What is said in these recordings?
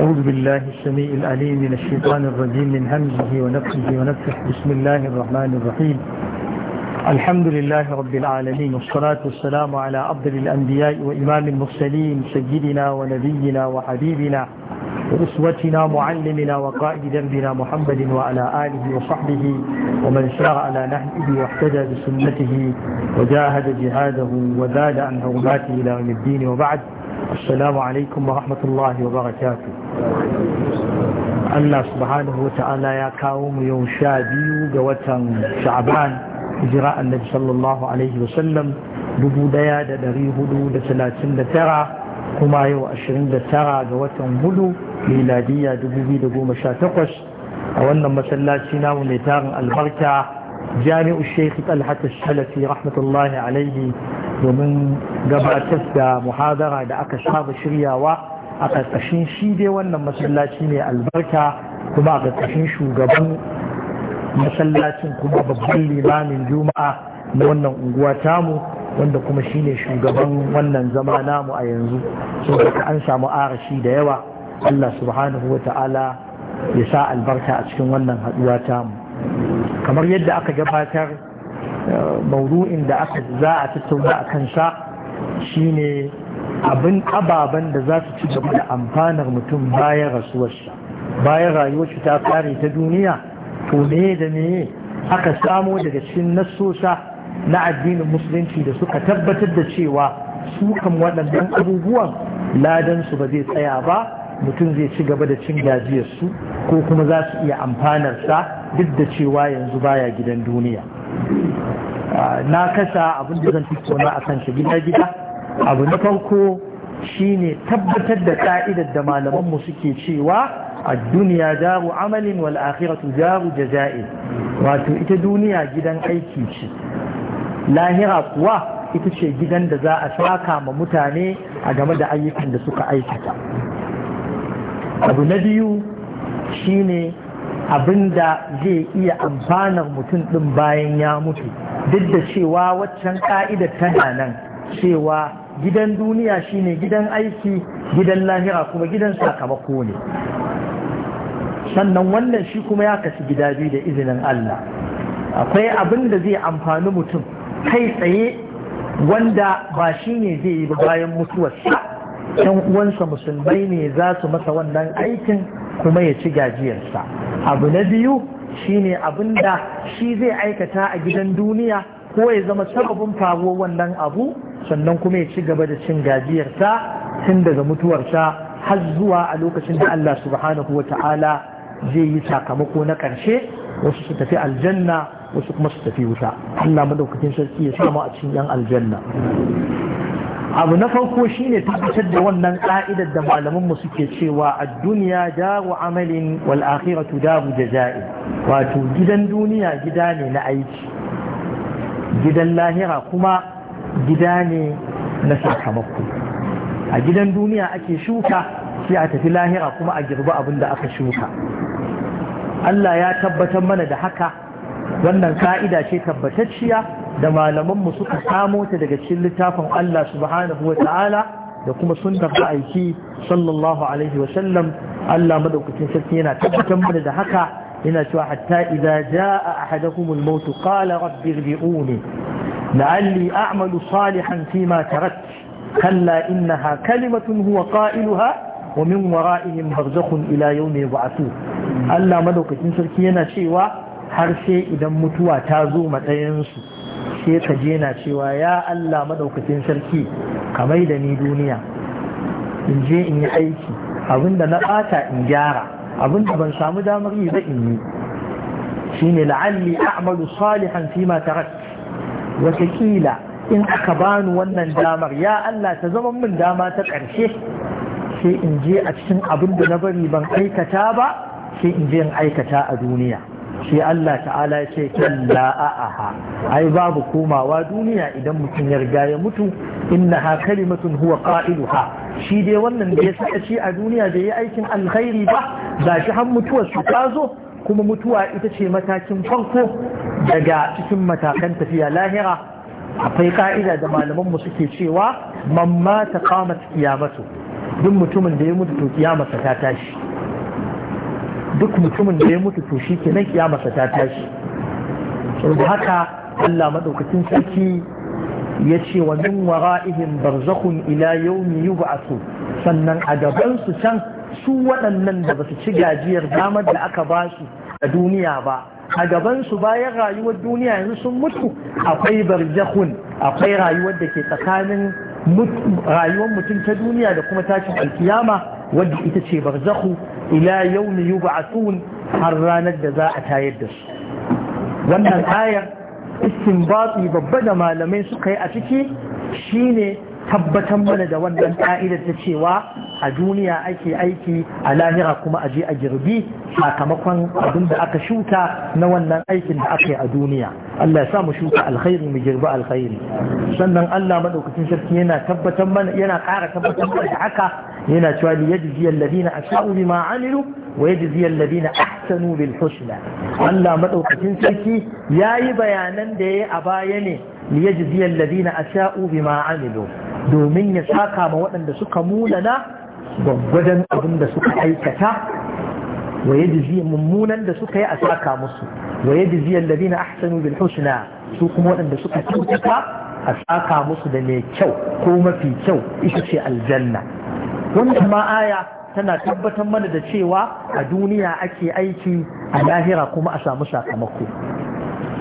أعوذ بالله السميع العليم من الشيطان الرجيم من همزه ونفسه ونفسه بسم الله الرحمن الرحيم الحمد لله رب العالمين والصلاة والسلام على أفضل الأنبياء وإمام المرسلين سيدنا ونبينا وحبيبنا وأسوتنا معلمنا وقائد ذنبنا محمد وعلى آله وصحبه ومن سار على نهجه واحتجى بسنته وجاهد جهاده وزاد عن حرماته إلى يوم الدين وبعد السلام عليكم ورحمة wa barakatu. Allah subhanahu wa ta'ala ya kawo mu yau sha biyu ga watan sha'aban jira annabi sallallahu alaihi wasallam dubu daya da ɗari hudu da talatin da tara kuma yau ashirin da tara ga watan hudu miladiyya dubu biyu da goma sha takwas a wannan masallaci namu mai tarin albarka jami'u sheikh talhat shalafi rahmatullahi alaihi domin gabatar da muhadara da aka saba shiryawa a ƙarƙashin shi dai wannan masallaci ne albarka kuma a ƙarƙashin shugaban masallacin kuma babban limamin juma'a na wannan unguwa tamu wanda kuma shi ne shugaban wannan zama namu a yanzu so daga an samu arashi da yawa allah subhanahu wa ta'ala ya sa albarka a cikin wannan haɗuwa tamu kamar yadda aka gabatar maudu'in da aka za a tattauna a kansa shine abin ababen da za su ci gaba da amfanar mutum bayan rasuwarsa bayan rayuwarsa ta kare ta duniya to ne da me aka samo daga cikin nassosa na addinin musulunci da suka tabbatar da cewa sukan waɗannan abubuwan ladansu ba zai tsaya ba mutum zai ci gaba da cin gajiyarsu ko kuma za su iya amfanar sa duk da cewa yanzu baya gidan duniya na kasa abin da zan tattauna a kan shi gida-gida abu na farko shine tabbatar da ka'idar da malamanmu suke cewa a duniya jaru amalin wal akhiratu jaru jaza'i wato ita duniya gidan aiki ce lahira kuwa ita ce gidan da za a saka ma mutane a game da ayyukan da suka aikata abu na biyu shine abinda zai iya amfanar mutum ɗin bayan ya mutu duk da cewa waccan ka'idar tana nan cewa gidan duniya shine gidan aiki gidan lahira kuma gidan sakamako ne sannan wannan shi kuma ya kasu gida biyu da izinin Allah akwai abin da zai amfani mutum kai tsaye wanda ba shi ne zai yi bayan mutuwarsa Yan uwansa musulmai ne za su masa wannan aikin kuma ya ci gajiyarsa abu na biyu shi ne abin da shi zai aikata a gidan duniya ko ya zama sababin faruwar wannan abu sannan kuma ya ci gaba da cin gajiyarsa tun daga mutuwarsa har zuwa a lokacin da Allah subhanahu wa ta'ala zai yi sakamako na ƙarshe wasu su tafi aljanna wasu kuma su tafi wuta Allah madaukakin sarki ya samu a cikin yan aljanna abu na farko shine tabbatar da wannan ka'idar da malaman mu suke cewa a duniya daru amalin wal akhiratu da jaza'i wato gidan duniya gida ne na aiki gidan lahira kuma gida ne na sakamako a gidan duniya ake shuka sai a tafi lahira kuma a girbi abin da aka shuka Allah ya tabbatar mana da haka wannan ka'ida ce tabbatacciya da malamanmu suka samo ta daga cikin littafin Allah subhanahu wa ta'ala da kuma sunnar da aiki sallallahu alaihi wa sallam Allah madaukakin sarki yana tabbatar mana da haka yana cewa hatta idza jaa ahaduhum al-maut qala rabbi irji'uni la'alli a'malu salihan ma tarakt kalla innaha kalimatun huwa qailuha wa min wara'ihim barzakhun ila yawmi yub'athun Allah madaukakin sarki yana cewa har sai idan mutuwa ta zo su. sai ka jena na cewa ya Allah maɗaukacin sarki kamai da ni duniya in je in yi aiki abinda na ɓata in gyara abinda ban samu damar yi ba in yi shine la'alli a'malu salihan fi ma tarak watakila in aka bani wannan damar ya Allah ta zama min dama ta ƙarshe sai in je a cikin abinda na bari ban aikata ba sai in je in aikata a duniya shi Allah ta'ala ya ce kalla a'aha ai babu komawa duniya idan mutum ya riga ya mutu innaha kalimatun huwa qailuha shi dai wannan da ya saka shi a duniya da yi aikin alkhairi ba za shi har mutuwar su ta zo kuma mutuwa ita ce matakin farko daga cikin matakan tafiya lahira akwai ka'ida da malamanmu suke cewa mamma ta kama kiyamatu duk mutumin da ya mutu to kiyamarsa ta tashi duk mutumin da ya mutu to shi kenan kiyamarsa ta tashi saboda haka Allah madaukakin sarki ya ce wa min wara'ihim barzakhun ila yawmi su, sannan a gaban su can su waɗannan da ba su ci gajiyar damar da aka ba su a duniya ba a gaban su bayan rayuwar duniya yanzu sun mutu akwai barzakhun akwai rayuwar da ke tsakanin rayuwar mutum ta duniya da kuma tashin alkiyama wadda ita ce barzakhu ila yawmi yub'atun har ranar da za a tayar da su wannan ayar istinbati babba da malamai suka yi a ciki shine tabbatar mana da wannan ka'idar ta cewa a duniya ake aiki a lahira kuma a je a girbi sakamakon abin da aka shuka na wannan aikin da aka yi a duniya Allah ya sa mu shuka alkhairi mu girbi alkhairi sannan Allah madaukakin sarki yana tabbatar mana yana ƙara tabbatar mana da haka yana cewa li yajzi alladhina asa'u bima amilu wa yajzi alladhina ahsanu bil husna Allah madaukakin sarki yayi bayanan da yayi a baya ne li yajzi alladhina asa'u bima amilu domin ya saka ma waɗanda suka munana gwaggwadon abin da suka aikata wa yajzi mummunan da suka yi a saka musu wa yajzi alladhina ahsanu bil husna su kuma waɗanda suka cutuka a saka musu da mai kyau ko mafi kyau ita ce aljanna wanda ma aya tana tabbatar mana da cewa a duniya ake aiki a lahira kuma a samu sakamako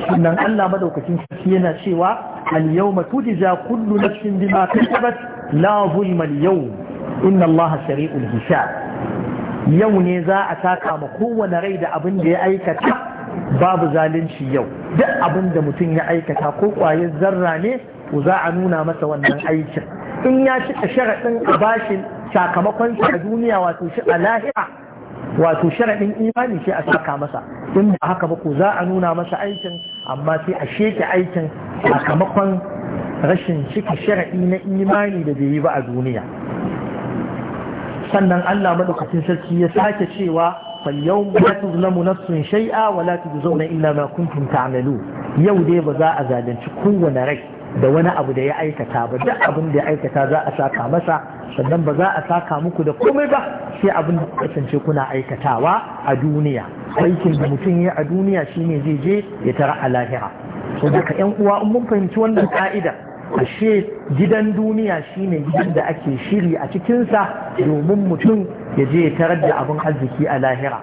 sannan Allah madaukakin sarki yana cewa al-yawma tujza kullu nafsin bima kasabat la zulma al-yawm inna Allah sari'ul hisab yau ne za a saka ma kowane rai da abin da ya aikata babu zalunci yau duk abin da mutum ya aikata ko kwayar zarra ne ko za a nuna masa wannan aikin in ya cika sharaɗin a bashin sakamakon shi a duniya wato shi a lahira wato sharaɗin imani shi a saka masa in ba haka ba ko za a nuna masa aikin amma sai a sheke aikin sakamakon rashin ciki sharaɗi na imani da bai yi ba a duniya sannan Allah madaukakin sarki ya sake cewa falyau shai'a tuzlamu nafsun shay'a wa la tujzauna illa ma kuntum ta'malu yau dai ba za a zalunci kowane rai da wani abu da ya aikata ba duk abin da ya aikata za a saka masa sannan ba za a saka muku da komai ba sai abin da kasance kuna aikatawa a duniya aikin da mutum ya a duniya shine zai je ya tara a lahira so daga yan uwa in mun fahimci wannan ka'ida ashe gidan duniya shine gidan da ake shiri a cikinsa domin mutum ya je ya tarar da abin arziki a lahira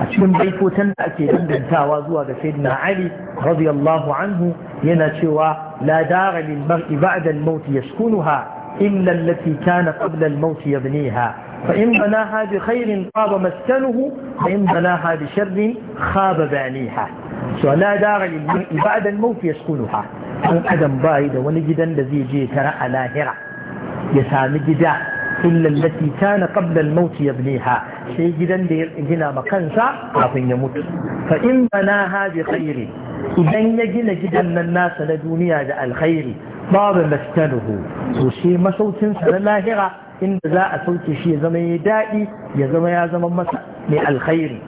a cikin baitotan da ake dangantawa zuwa ga sayyidina ali radiyallahu anhu yana cewa la dara lil mar'i ba'da al-maut yaskunuha إلا التي كان قبل الموت يبنيها فإن بناها بخير طاب مسكنه وإن بناها بشر خاب بانيها سؤال دار للمرء بعد الموت يسكنها أن أدم بايد ونجدا الذي جي ترى لاهرة يسامي جدا إلا التي كان قبل الموت يبنيها شيء جدا جنا مكانسا يموت فإن بناها بخير إذن يجن جدا الناس لدنيا الخير baba maskanuhu to shi masaukin sa na lahira inda za a sauke shi ya zama ya daɗi ya zama ya zama masa mai alkhairi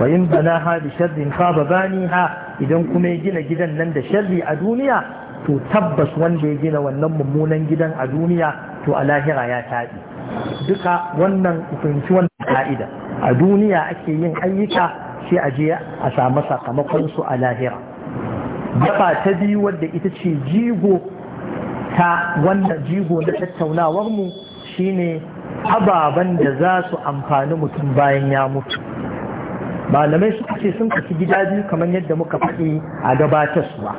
wa in banaha bi sharrin khaba ha? idan kuma ya gina gidan nan da sharri a duniya to tabbas wanda ya gina wannan mummunan gidan a duniya to a lahira ya taɗi duka wannan fahimci wannan ka'ida a duniya ake yin ayyuka sai a je a samu sakamakon su a lahira gaba ta biyu wadda ita ce jigo ta wannan jigo na tattaunawar mu shine ababen da za su amfani mutum bayan ya mutu malamai suka ce sun kaci gida biyu kamar yadda muka faɗi a gabatarsuwa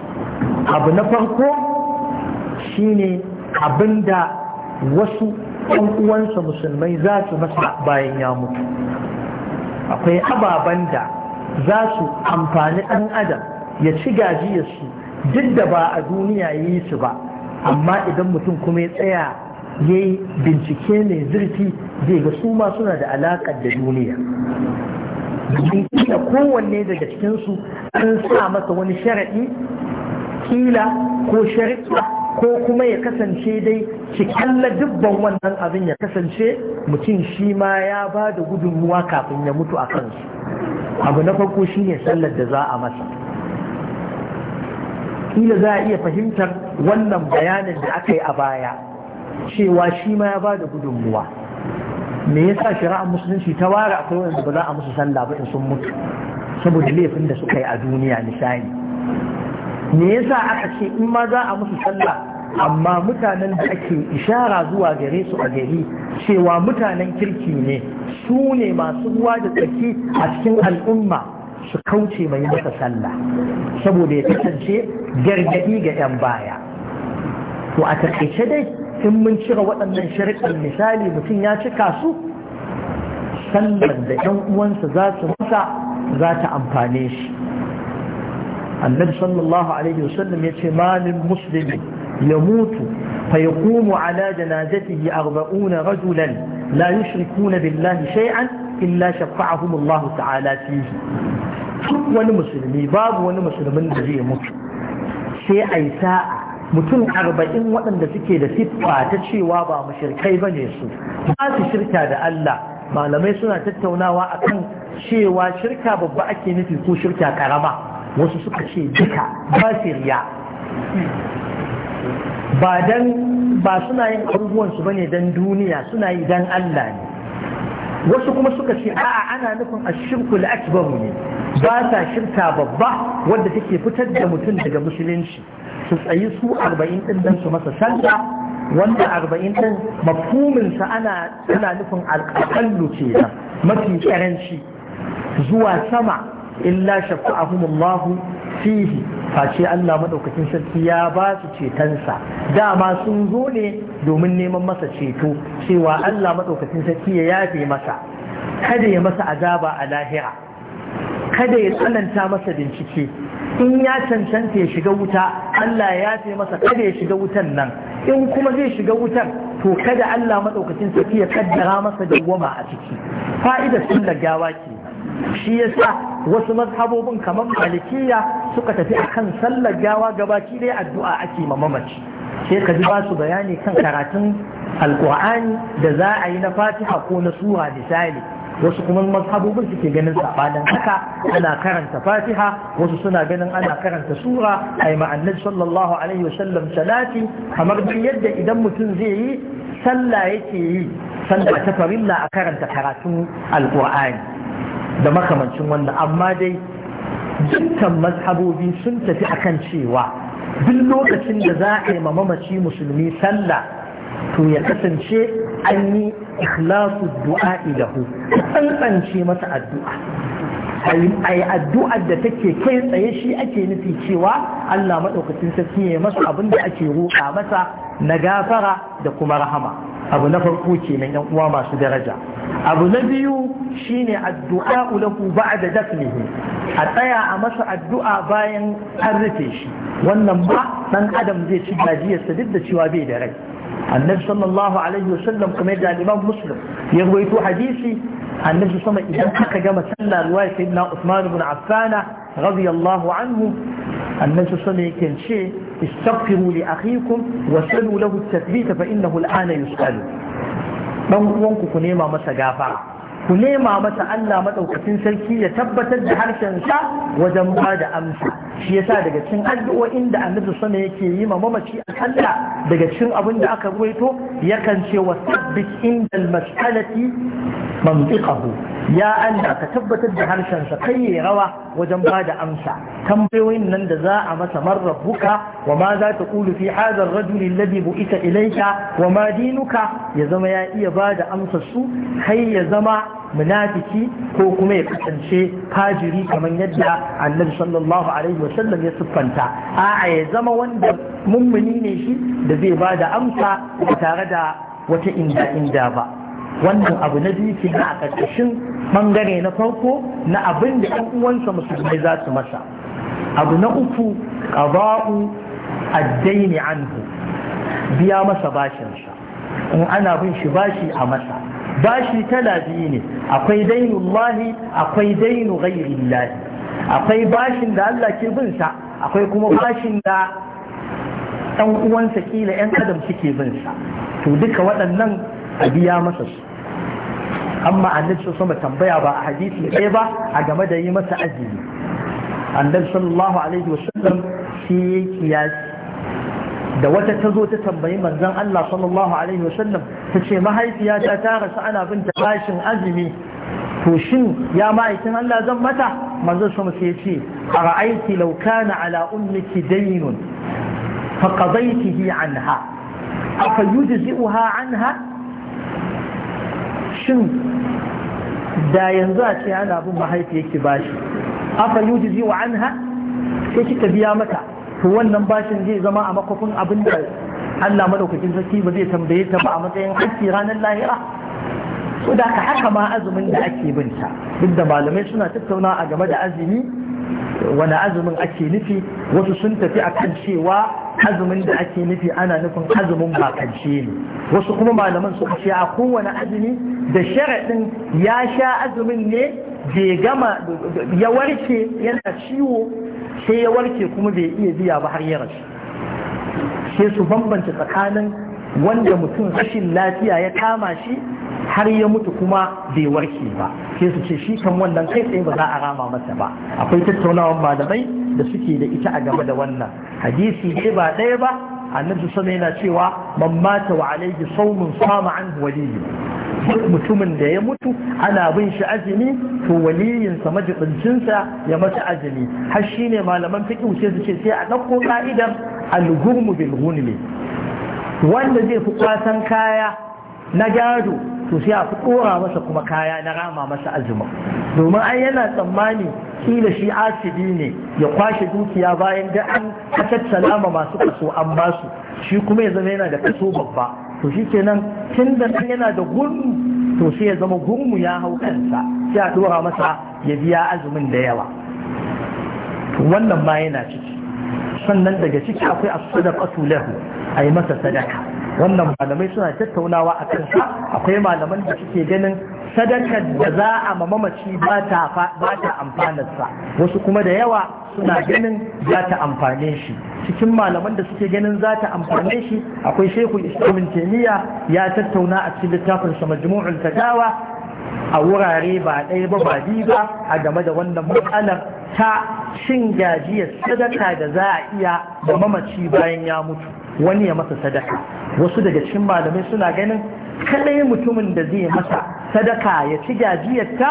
abu na farko shine abin da wasu ɗan uwansa musulmai za su masa bayan ya mutu akwai ababen da za su amfani ɗan adam ya ci gajiyarsu duk da ba a duniya yi su ba amma idan mutum kuma ya tsaya ya yi bincike mai zurfi zai ga su ma suna da alaƙar da duniya domin kila kowanne daga cikinsu an sa masa wani sharaɗi kila ko shari'a ko kuma ya kasance dai kalla dubban wannan abin ya kasance mutum shi ma ya ba da gudunmuwa kafin ya mutu a kansu abu na farko shine sallar da za a masa kila za a iya fahimtar wannan bayanin da aka yi a baya cewa shi ma ya ba da gudunmuwa me yasa shari'ar musulunci ta ware akwai wanda ba za a musu sallah ba in sun mutu saboda laifin da suka yi a duniya nishani me yasa aka ce in ma za a musu sallah amma mutanen da ake ishara zuwa gare su a gari cewa mutanen kirki ne su ne masu ruwa da tsaki a cikin al'umma su kauce mai masa sallah saboda ya kasance gargadi ga 'yan baya to a takaice dai in mun cire waɗannan shari'ar misali mutum ya cika su sallar da 'yan uwansa za su masa za ta amfane shi annabi sallallahu alaihi wasallam ya ce malin musulmi ya mutu fa ya kumu ala janazatihi arba'una rajulan la yushrikuna billahi shai'an illa shafa'ahum Allah ta'ala fihi duk wani musulmi babu wani musulmin da zai mutu sai a yi sa'a mutum arba'in waɗanda suke da siffa ta cewa ba mushirkai ba ne su ba su shirka da Allah malamai suna tattaunawa akan cewa shirka babba ake nufi ko shirka karama wasu suka ce duka ba ba dan ba suna yin abubuwansu ba ne don duniya suna yi don Allah ne wasu kuma suka ce a'a ana nufin ashirkul akbar ne ba sa shirta babba wadda take fitar da mutum daga musulunci su tsayi su arba'in ɗin don su masa sanda wanda arba'in ɗin mafhuminsa ana yana nufin alƙaƙallu ce nan mafi ƙaranci zuwa sama illa shafa'ahumullahu fihi face Allah maɗaukacin sarki ya ba su cetonsa dama sun zo ne domin neman masa ceto cewa Allah maɗaukacin sarki ya yafe masa kada ya masa azaba a lahira kada ya tsananta masa bincike in ya cancanta ya shiga wuta Allah ya ce masa kada ya shiga wutan nan in kuma zai shiga wutan to kada Allah maɗaukacin sarki ya kaddara masa dawwama a ciki fa'idar sunnar gawa ke shi yasa wasu mazhabobin kamar malikiya suka tafi akan sallar gawa gabaki dai addu'a ake ma mamaci sai ka ji ba su bayani kan karatun alkur'ani da za a yi na fatiha ko na sura misali wasu kuma mazhabobin suke ganin sabanin haka ana karanta fatiha wasu suna ganin ana karanta sura ai ma'annabi sallallahu alaihi wasallam salati kamar duk yadda idan mutum zai yi sallah yake yi sallah ta farilla a karanta karatun alqur'ani da makamancin wannan amma dai dukkan mazhabobi sun tafi akan cewa duk lokacin da za a yi mamaci musulmi sallah to ya kasance an yi ikhlasu du'a lahu tsantsance masa addu'a a yi addu'ar da take kai tsaye shi ake nufi cewa Allah maɗaukacin sarki ya masa abin da ake roƙa masa na gafara da kuma rahama abu na farko kenan yan uwa masu daraja abu na biyu shine addu'a da ba'da dafnihi a tsaya a masa addu'a bayan an rufe shi wannan ba ɗan adam zai ci gajiyarsa duk da cewa bai da rai annabi sallallahu alaihi wasallam kuma da imam muslim ya rawaito hadisi annabi sama idan aka gama sallah ruwa sayyidina usman ibn affan radiyallahu anhu annabi sama yake ce istaghfiru li akhikum wa salu lahu at-tathbit fa innahu al-ana yus'al dan uwanku ku nema masa gafara ku nema masa Allah maɗaukacin sarki ya tabbatar da harshen sa wajen ba da amsa shi yasa daga cikin addu'o'in da annabi sama yake yi ma mamaci kalla daga cikin abin da aka ruwaito yakan ce wa sabbit inda al-mas'alati mantiqahu ya anda ka tabbatar da harshensa kai ya rawa wajen ba da amsa tambayoyin nan da za a masa marrabbuka wa ma za ta ƙulu fi hazar rajuli ladi ita ilaika wa ma dinuka ya zama ya iya ba da amsa su kai ya zama munafiki ko kuma ya kasance fajiri kamar yadda annabi sallallahu alaihi wa sallam ya siffanta a'a ya zama wanda mummuni ne shi da zai ba da amsa ba tare da wata inda inda ba wannan abu na biyu ke na a ƙarƙashin ɓangare na farko na abin da ɗan uwansa musulmai za su masa abu na uku ƙaba'u addaini anhu biya masa bashinsa in ana bin shi bashi a masa bashi tala biyu ne akwai dainullahi akwai dainu ghairillahi akwai bashin da Allah ke bin sa akwai kuma bashin da ɗan uwansa kila 'yan adam suke bin sa to duka waɗannan a biya masa shi amma annabi sama tambaya ba a hadisi ɗaya ba a game da yi masa azumi annabi sallallahu alaihi wasallam shi ya kiyasi da wata ta zo ta tambayi manzon Allah sallallahu alaihi wasallam ta ce mahaifiya ta ta rasu ana bin ta bashin azumi to shin ya ma'aikin Allah zan mata manzon sama sai ya ce a ra'aiti law ala ummiki dainun fa qadaytihi anha afa yujzi'uha anha shin da yanzu a ce ana bin mahaifi mahaifiyarki bashi afa yujizi wa anha sai kika biya mata to wannan bashin zai zama a makofin abin da Allah madaukakin sarki ba zai tambaye ta ba a matsayin hakki ranar lahira so da haka ma azumin da ake bin ta, duk da malamai suna tattauna a game da azumi wani azumin ake nufi wasu sun tafi akan cewa azumin da ake nufi ana nufin azumin bakance ne wasu kuma malaman suka ce a kowane azumi da sharaɗin ya sha azumin ne bai gama ya warke yana ciwo sai ya warke kuma bai iya biya ba har ya rasu sai su bambanta tsakanin wanda mutum rashin lafiya ya kama shi har ya mutu kuma bai warke ba sai su ce shi kan wannan kai tsaye ba za a rama masa ba akwai tattaunawan malamai da suke da ita a game da wannan hadisi ne ba ɗaya ba annabi sama yana cewa man mata wa alaihi saumun sama an waliyu duk mutumin da ya mutu ana bin shi azumi to waliyinsa majibincinsa ya masa azumi har shine malaman fiqh sai su ce sai a ɗauko ka'idar al-hurmu bil wanda zai fi kwasan kaya na gado to sai a fi ɗora masa kuma kaya na rama masa azumin domin an yana tsammani kila shi asibi ne ya kwashe dukiya bayan da an tattala salama masu kaso an basu shi kuma ya zama yana da kaso babba to shi kenan tun da nan yana da gurmu to sai ya zama gurmu ya hau kansa sai a ɗora masa ya biya azumin da yawa wannan ma yana ciki sannan daga ciki akwai sadaka su lahu yi masa sadaka wannan malamai suna tattaunawa a kan akwai malaman da suke ganin sadakar da za a mamaci ba ta amfanarsa wasu kuma da yawa suna ganin za ta amfane shi cikin malaman da suke ganin za ta amfane shi akwai shehu islamin taimiyya ya tattauna a cikin littafin sa majmu'ul tadawa a wurare ba ɗaya ba ba biyu ba a game da wannan matsalar ta shin gajiyar sadaka da za a iya da mamaci bayan ya mutu wani ya masa sadaka wasu daga cikin malamai suna ganin kadai mutumin da zai masa sadaka ya ci gajiyarta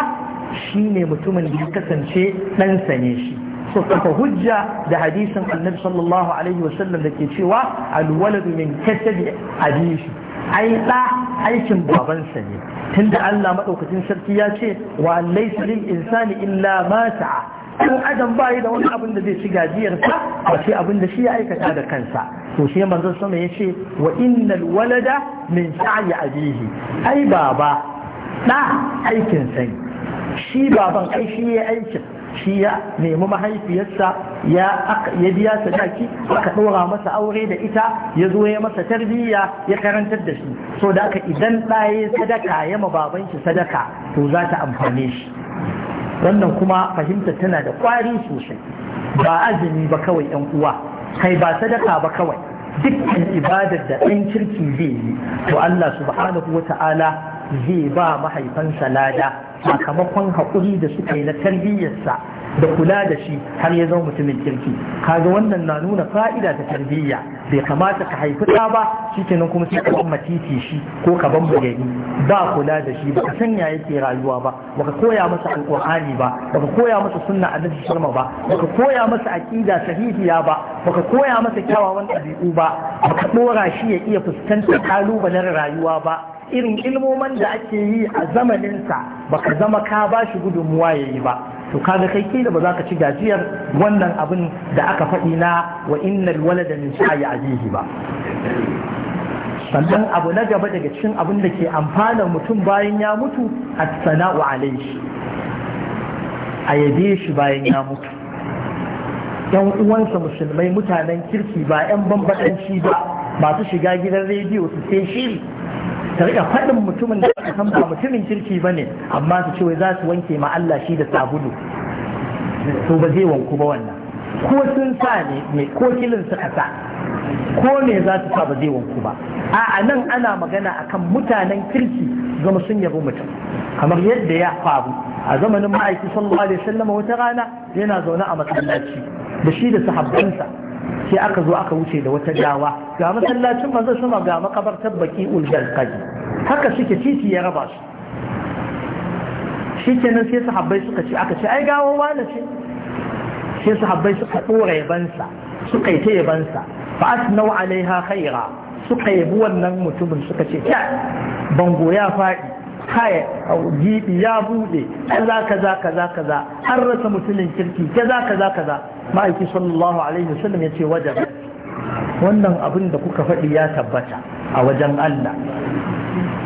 shine mutumin da ya kasance dan ne shi so kafa hujja da hadisin annabi sallallahu alaihi wasallam da ke cewa alwaladu min kasabi abishi ai ɗa aikin babansa ne tunda Allah maɗaukacin sarki ya ce wa laysa lil insani illa ma sa'a ɗan adam ba yi da wani abin da zai ci gajiyarsa ba sai abin da shi ya aikata da kansa to shi manzo sama ya ce wa innal walada min sa'i abihi ai baba da aikin sai shi baban ai shi ya aikin shi ya nemi mahaifiyarsa ya biya sadaki aka ɗora masa aure da ita ya zo ya masa tarbiyya ya karantar da shi so da aka idan ɗaya sadaka ya ma baban shi sadaka to za ta amfane shi wannan kuma fahimta tana da kwari sosai ba azumi ba kawai yan uwa kai ba sadaka ba kawai dukkan ibadar da ɗan kirki zai yi to Allah subhanahu wa ta'ala zai ba mahaifansa lada sakamakon haƙuri da suka yi na tarbiyyarsa da kula da shi har ya zama mutumin kirki kaga wannan na nuna fa'ida ta tarbiyya bai kamata ka haifi ɗa ba shikenan kuma sai ka matiti shi ko ka ban yi ba kula da shi baka sanya yake rayuwa ba baka koya masa alqur'ani ba baka koya masa sunna annabi sharma ba baka koya masa aqida sahihiya ba baka koya masa kyawawan ɗabi'u ba baka ɗora shi ya iya fuskantar kalubalen rayuwa ba irin ilmoman da ake yi a zamaninsa baka zama ka ba shi gudunmuwa ya yi ba to kaga kai da ba za ka ci gajiyar wannan abin da aka faɗi na wa innal walada min sa'i ajihi ba sannan abu na gaba daga cikin abin da ke amfanar mutum bayan ya mutu a sana'u alaihi a yabe shi bayan ya mutu Ɗan uwansa musulmai mutanen kirki ba yan bambadanci ba masu shiga gidan rediyo su sai shiri ta riƙa faɗin mutumin da aka san ba mutumin kirki ba ne amma su ce wai za su wanke ma Allah shi da sabulu to ba zai wanku ba wannan ko sun sa ne ko kilin suka sa ko me za su sa ba zai wanku ba a nan ana magana akan mutanen kirki zama sun yabi mutum kamar yadda ya faru a zamanin ma'aiki sallallahu alaihi wasallam wata rana yana zaune a masallaci da shi da sahabbansa sai aka zo aka wuce da wata dawa ga masallacin manzo sama ga makabartar baki ulgal qadi haka suke titi ya raba su shikenan sai sahabbai suka ce aka ce ai gawo wani ce sai sahabbai suka dora yabansa suka yi ta yabansa fa asnau alaiha khaira suka yabi wannan mutumin suka ce ta bango ya faɗi kaya gibi ya bude kaza kaza kaza kaza an rasa mutumin kirki kaza kaza kaza ma'aiki sallallahu alaihi wasallam ya ce wajen wannan abin da kuka faɗi ya tabbata a wajen Allah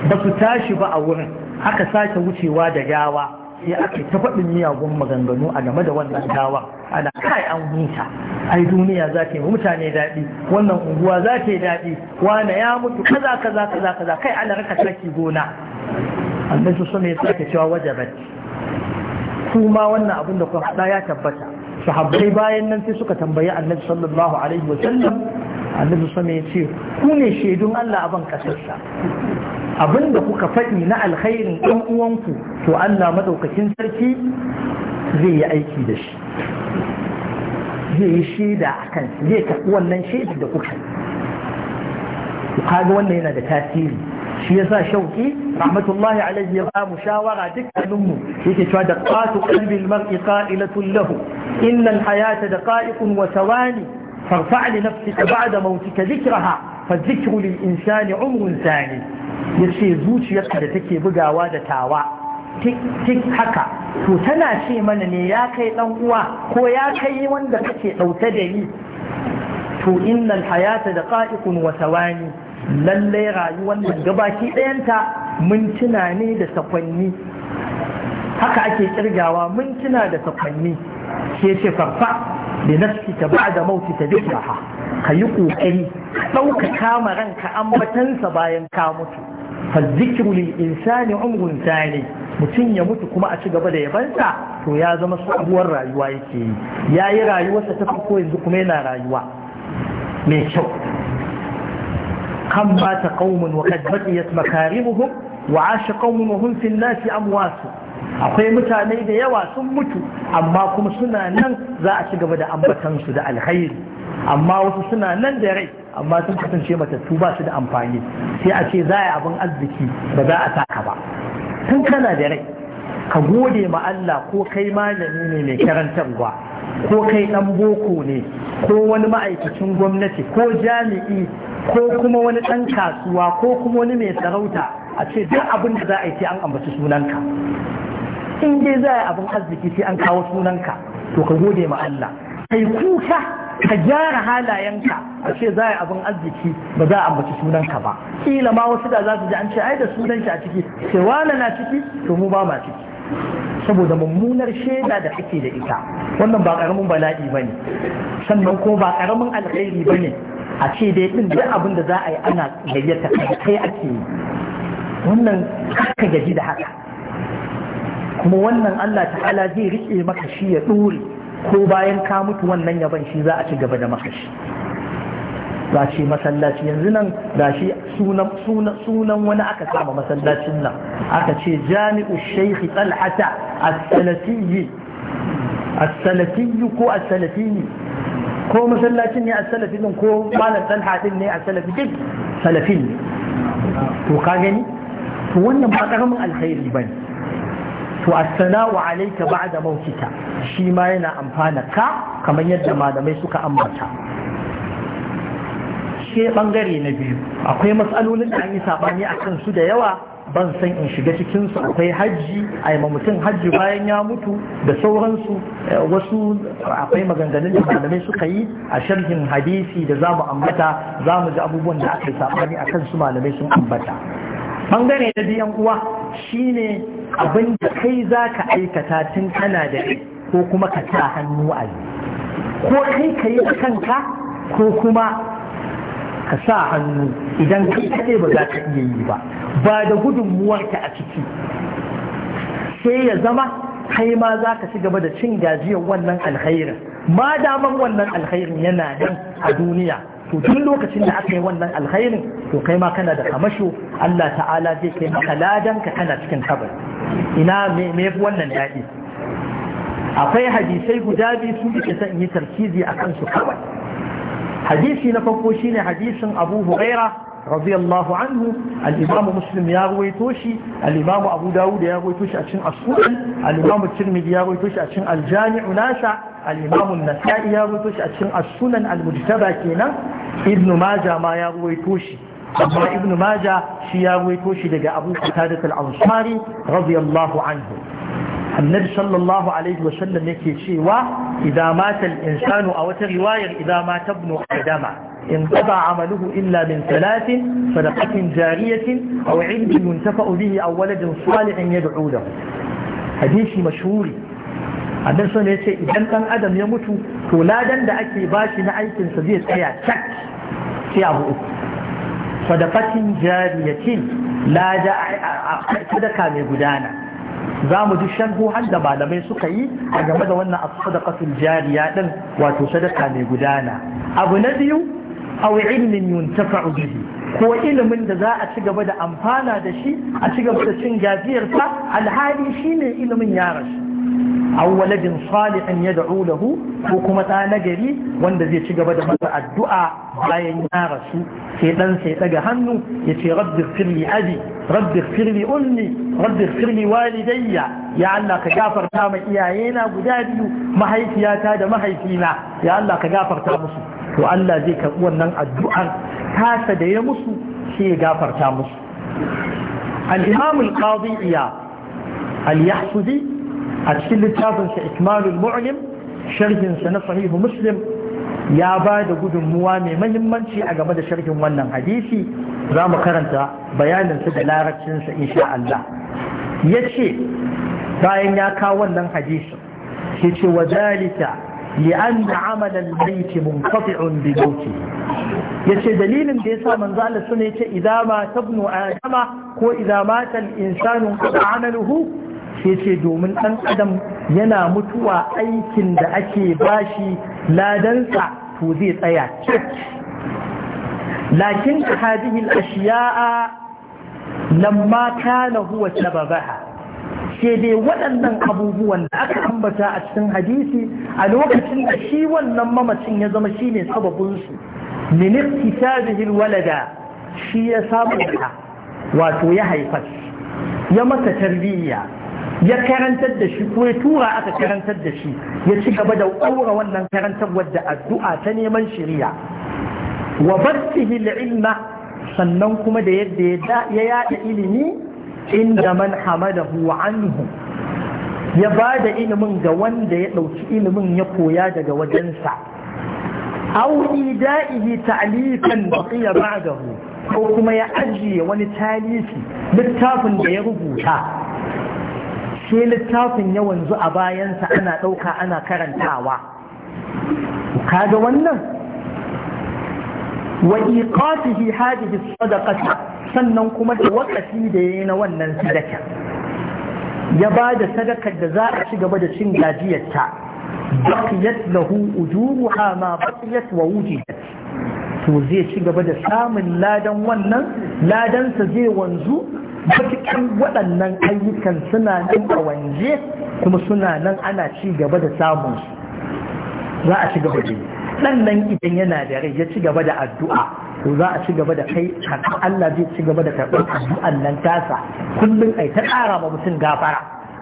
ba su tashi ba a wurin aka sake wucewa da gawa sai aka ta faɗin miyagun maganganu a game da wannan gawa ana kai an huta ai duniya za ta yi mutane daɗi wannan unguwa za ta yi daɗi wane ya mutu kaza kaza kaza kaza kai ana raka saki gona annabi sallallahu alaihi wasallam ya sake cewa wajabat kuma wannan abin da kuka faɗa ya tabbata sahabbai bayan nan sai suka tambayi annabi sallallahu alaihi wasallam annabi sama ya ce ku ne shaidun Allah a ban kasarsa abinda kuka faɗi na alkhairin ɗan uwanku to Allah madaukakin sarki zai yi aiki da shi zai yi shaida a kan zai ta wannan shaida da kuka kaga wannan yana da tasiri shi shauƙi? shauki rahmatullahi alaihi ya ba mu shawara dukkaninmu yake cewa da ƙatu qalbil mar'i qa'ilatun lahu innan al-hayata daqa'iqun wa thawani farfa' li da ba'da ka dhikraha fa dhikru lil insani umrun Ya yace zuciyarka da take bugawa da tawa tik haka to tana ce mana ne ya kai dan uwa ko ya kai wanda kake ɗauke da ni to innal hayata ƙa'ikun wa thawani lallai rayuwar nan gabaki ɗayanta tuna ne da sakwanni haka ake kirgawa mun tuna da sakwanni ke ce farfa da nafsi ta ba da mauti ta dukraha ka yi ƙoƙari ɗauka kama ranka ambatansa bayan ka mutu fazzikiru lil insani umrun sani mutum ya mutu kuma a ci gaba da yabansa to ya zama sabuwar rayuwa yake yi yayi rayuwarsa ta farko yanzu kuma yana rayuwa mai kyau قد مات قوم وقد بقيت مكارمهم وعاش قوم وهم في الناس أموات akwai mutane da yawa sun mutu amma kuma suna nan za a ci gaba da ambatansu da alkhairi amma wasu suna nan da rai amma sun kasance matattu ba su da amfani sai a ce za a yi abin arziki ba za a saka ba tun kana da rai ka gode ma Allah ko kai malami ne mai karantarwa ko kai dan boko ne ko wani ma'aikacin gwamnati ko jami'i ko kuma wani ɗan kasuwa ko kuma wani mai sarauta a ce duk abin da za a yi sai an ambaci sunanka in dai za a yi abin arziki sai an kawo sunanka to ka gode ma Allah kai kuka ka gyara halayenka a ce za a yi abin arziki ba za a ambaci sunanka ba kila ma wasu da za su ji an ce ai da sunanki a ciki sai wala na ciki to mu ba ma ciki saboda mummunar shaida da kake da ita wannan ba karamin bala'i bane sannan kuma ba karamin alkhairi bane a ce dai ɗin duk abin da za a yi ana gayyata kai ake yi wannan haka gaji da haka kuma wannan Allah ta'ala zai riƙe maka shi ya ɗore ko bayan ka mutu wannan yaban shi za a ci gaba da maka shi za shi masallaci yanzu nan da shi sunan wani aka sama masallacin nan aka ce jami'u shaikhi talhata as-salafiyyi as ko as ko masallacin ne a salafi din ko malam dan haɗin ne a salafi din salafin ne to ka gani to wannan ba karamin alkhairi bane to assalamu alayka ba'da mautika shi ma yana amfana ka kamar yadda malamai suka ambata shi bangare na biyu akwai matsalolin da an yi sabani a kansu da yawa ban san in shiga cikinsu akwai hajji a yi mutum hajji bayan ya mutu da sauransu wasu akwai maganganun da malamai suka yi a sharhin hadisi da za mu ambata za mu ji abubuwan da aka yi saɓani a kan su malamai sun ambata bangare na biyan uwa shine abin da kai za ka aikata tun kana da ko kuma ka sa hannu a yi ko kai ka yi kanka ko kuma ka sa hannu idan kai ba za ka iya yi ba ba da gudunmuwarka a ciki sai ya zama kai ma za ka ci gaba da cin gajiyar wannan alkhairin ma daman wannan alkhairin yana nan a duniya to tun lokacin da aka yi wannan alkhairin to kai ma kana da kamasho Allah ta'ala zai kai maka ladan ka kana cikin kabar ina me wannan daɗi akwai hadisai guda biyu sun ke son yi tarkizi a kansu kawai hadisi na farko shine hadisin abu huraira radiyallahu anhu al muslim ya ruwaito shi al abu dawud ya ruwaito shi a cikin as-sunan al ya ruwaito shi a cikin al-jami'u nasha al nasai ya ruwaito shi a cikin as-sunan al kenan ibnu maja ma ya ruwaito shi amma ibnu maja shi ya ruwaito shi daga abu qatada al-ansari radiyallahu anhu annabi sallallahu alaihi wasallam yake cewa idza mata al-insanu a wata riwayar idza mata adama in qada amaluhu illa min thalathin sadaqatin jariyatin aw 'ilmin yuntafa'u bihi aw waladin salihin yad'u lahu hadisi mashhuri annabi sallallahu yace idan dan adam ya mutu to ladan da ake bashi na aikin sa zai tsaya cak sai abu uku sadaqatin jariyatin lada sadaka mai gudana za mu ji sharhuhan da malamai suka yi a game da wannan as jari jariya din wato sadaka mai gudana abu na biyu aw ilmin yuntafa'u bihi ko ilimin da za a ci gaba da amfana da shi a ci gaba da cin gajiyarsa alhali shine ilimin ya rashi aw waladin salihin yad'u lahu ko kuma ɗa nagari wanda zai ci gaba da masa addu'a bayan ya rasu sai dan sai daga hannu ya ce rabbi firli abi rabbi firli ummi rabbi firli walidayya ya Allah ka gafarta ma iyayena guda biyu mahaifiyata da mahaifina ya Allah ka gafarta musu to Allah zai karɓi wannan addu'ar tasa da ya musu sai ya gafarta musu al-imam al-qadi iya al a cikin littafinsa ikmalul mu'lim sharhinsa na sahihu muslim ya ba da gudunmuwa mai mahimmanci a game da sharhin wannan hadisi za mu karanta bayaninsa da larabcinsa insha Allah ya ce bayan ya kawo wannan hadisi ya ce wa zalika li'an amalan baiti munqati'un bi Ya ce dalilin da yasa manzo Allah sune yace idza ma tabnu adama ko idza mata insanu qad amaluhu sai ce domin ɗan adam yana mutuwa aikin da ake bashi ladansa to zai tsaya lakin hadihi al-ashiya'a lamma kana huwa sababaha sai dai waɗannan abubuwan da aka ambata a cikin hadisi a lokacin da shi wannan mamacin ya zama shine sababin su min iktisabihi al-walada shi ya samu wato ya haifa ya masa tarbiyya ya karantar da shi ko ya tura aka karantar da shi ya ci gaba da ƙaura wannan karantar da addu'a ta neman shiriya wa bartihi ilma sannan kuma da yadda ya yada ilimi inda man hamadahu wa anhu ya ba da ilimin ga wanda ya ɗauki ilimin ya koya daga wajensa au ida'ihi ta'lifan baqiya ba'dahu ko kuma ya ajiye wani talifi littafin da ya rubuta sai littafin ya wanzu a bayansa ana ɗauka ana karantawa kaga wannan wa iqatihi hadhihi sadaqata sannan kuma da wakati da yayi na wannan sadaka ya ba da sadakar da za a ci gaba da cin gajiyarta baqiyat lahu ujuruha ma baqiyat wa wujidat to zai ci gaba da samun ladan wannan ladansa zai wanzu matukan waɗannan ayyukan suna nan a wanje kuma suna nan ana ci gaba da samun za a ci gaba da yi sannan idan yana da rai ya ci gaba da addu'a to za a ci gaba da kai haka Allah zai ci gaba da karɓar addu'an nan tasa kullum ai ta ƙara ma mutum gafara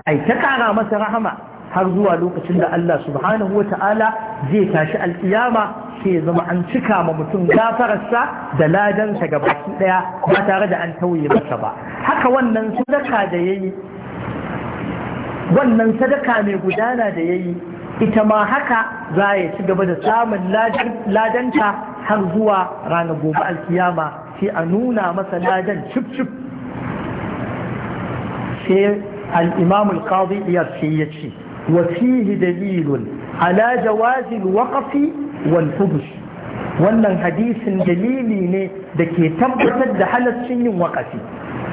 ai ta ƙara masa rahama har zuwa lokacin da Allah subhanahu wa ta'ala zai tashi alƙiyama zama an cika ma mutum gafararsa da ladansa ga baki daya ba tare da an tauye masa ba haka wannan sadaka da yayi wannan sadaka mai gudana da yayi ita ma haka za ya ci gaba da samun ladanta har zuwa ranar gobe alkiyama sai a nuna masa ladan cip cip sai al-imam al-qadi iyar sai ya ce وفيه دليل على جواز الوقف wal hubush wannan hadisin dalili ne da ke tabbatar da halaccin yin wakafi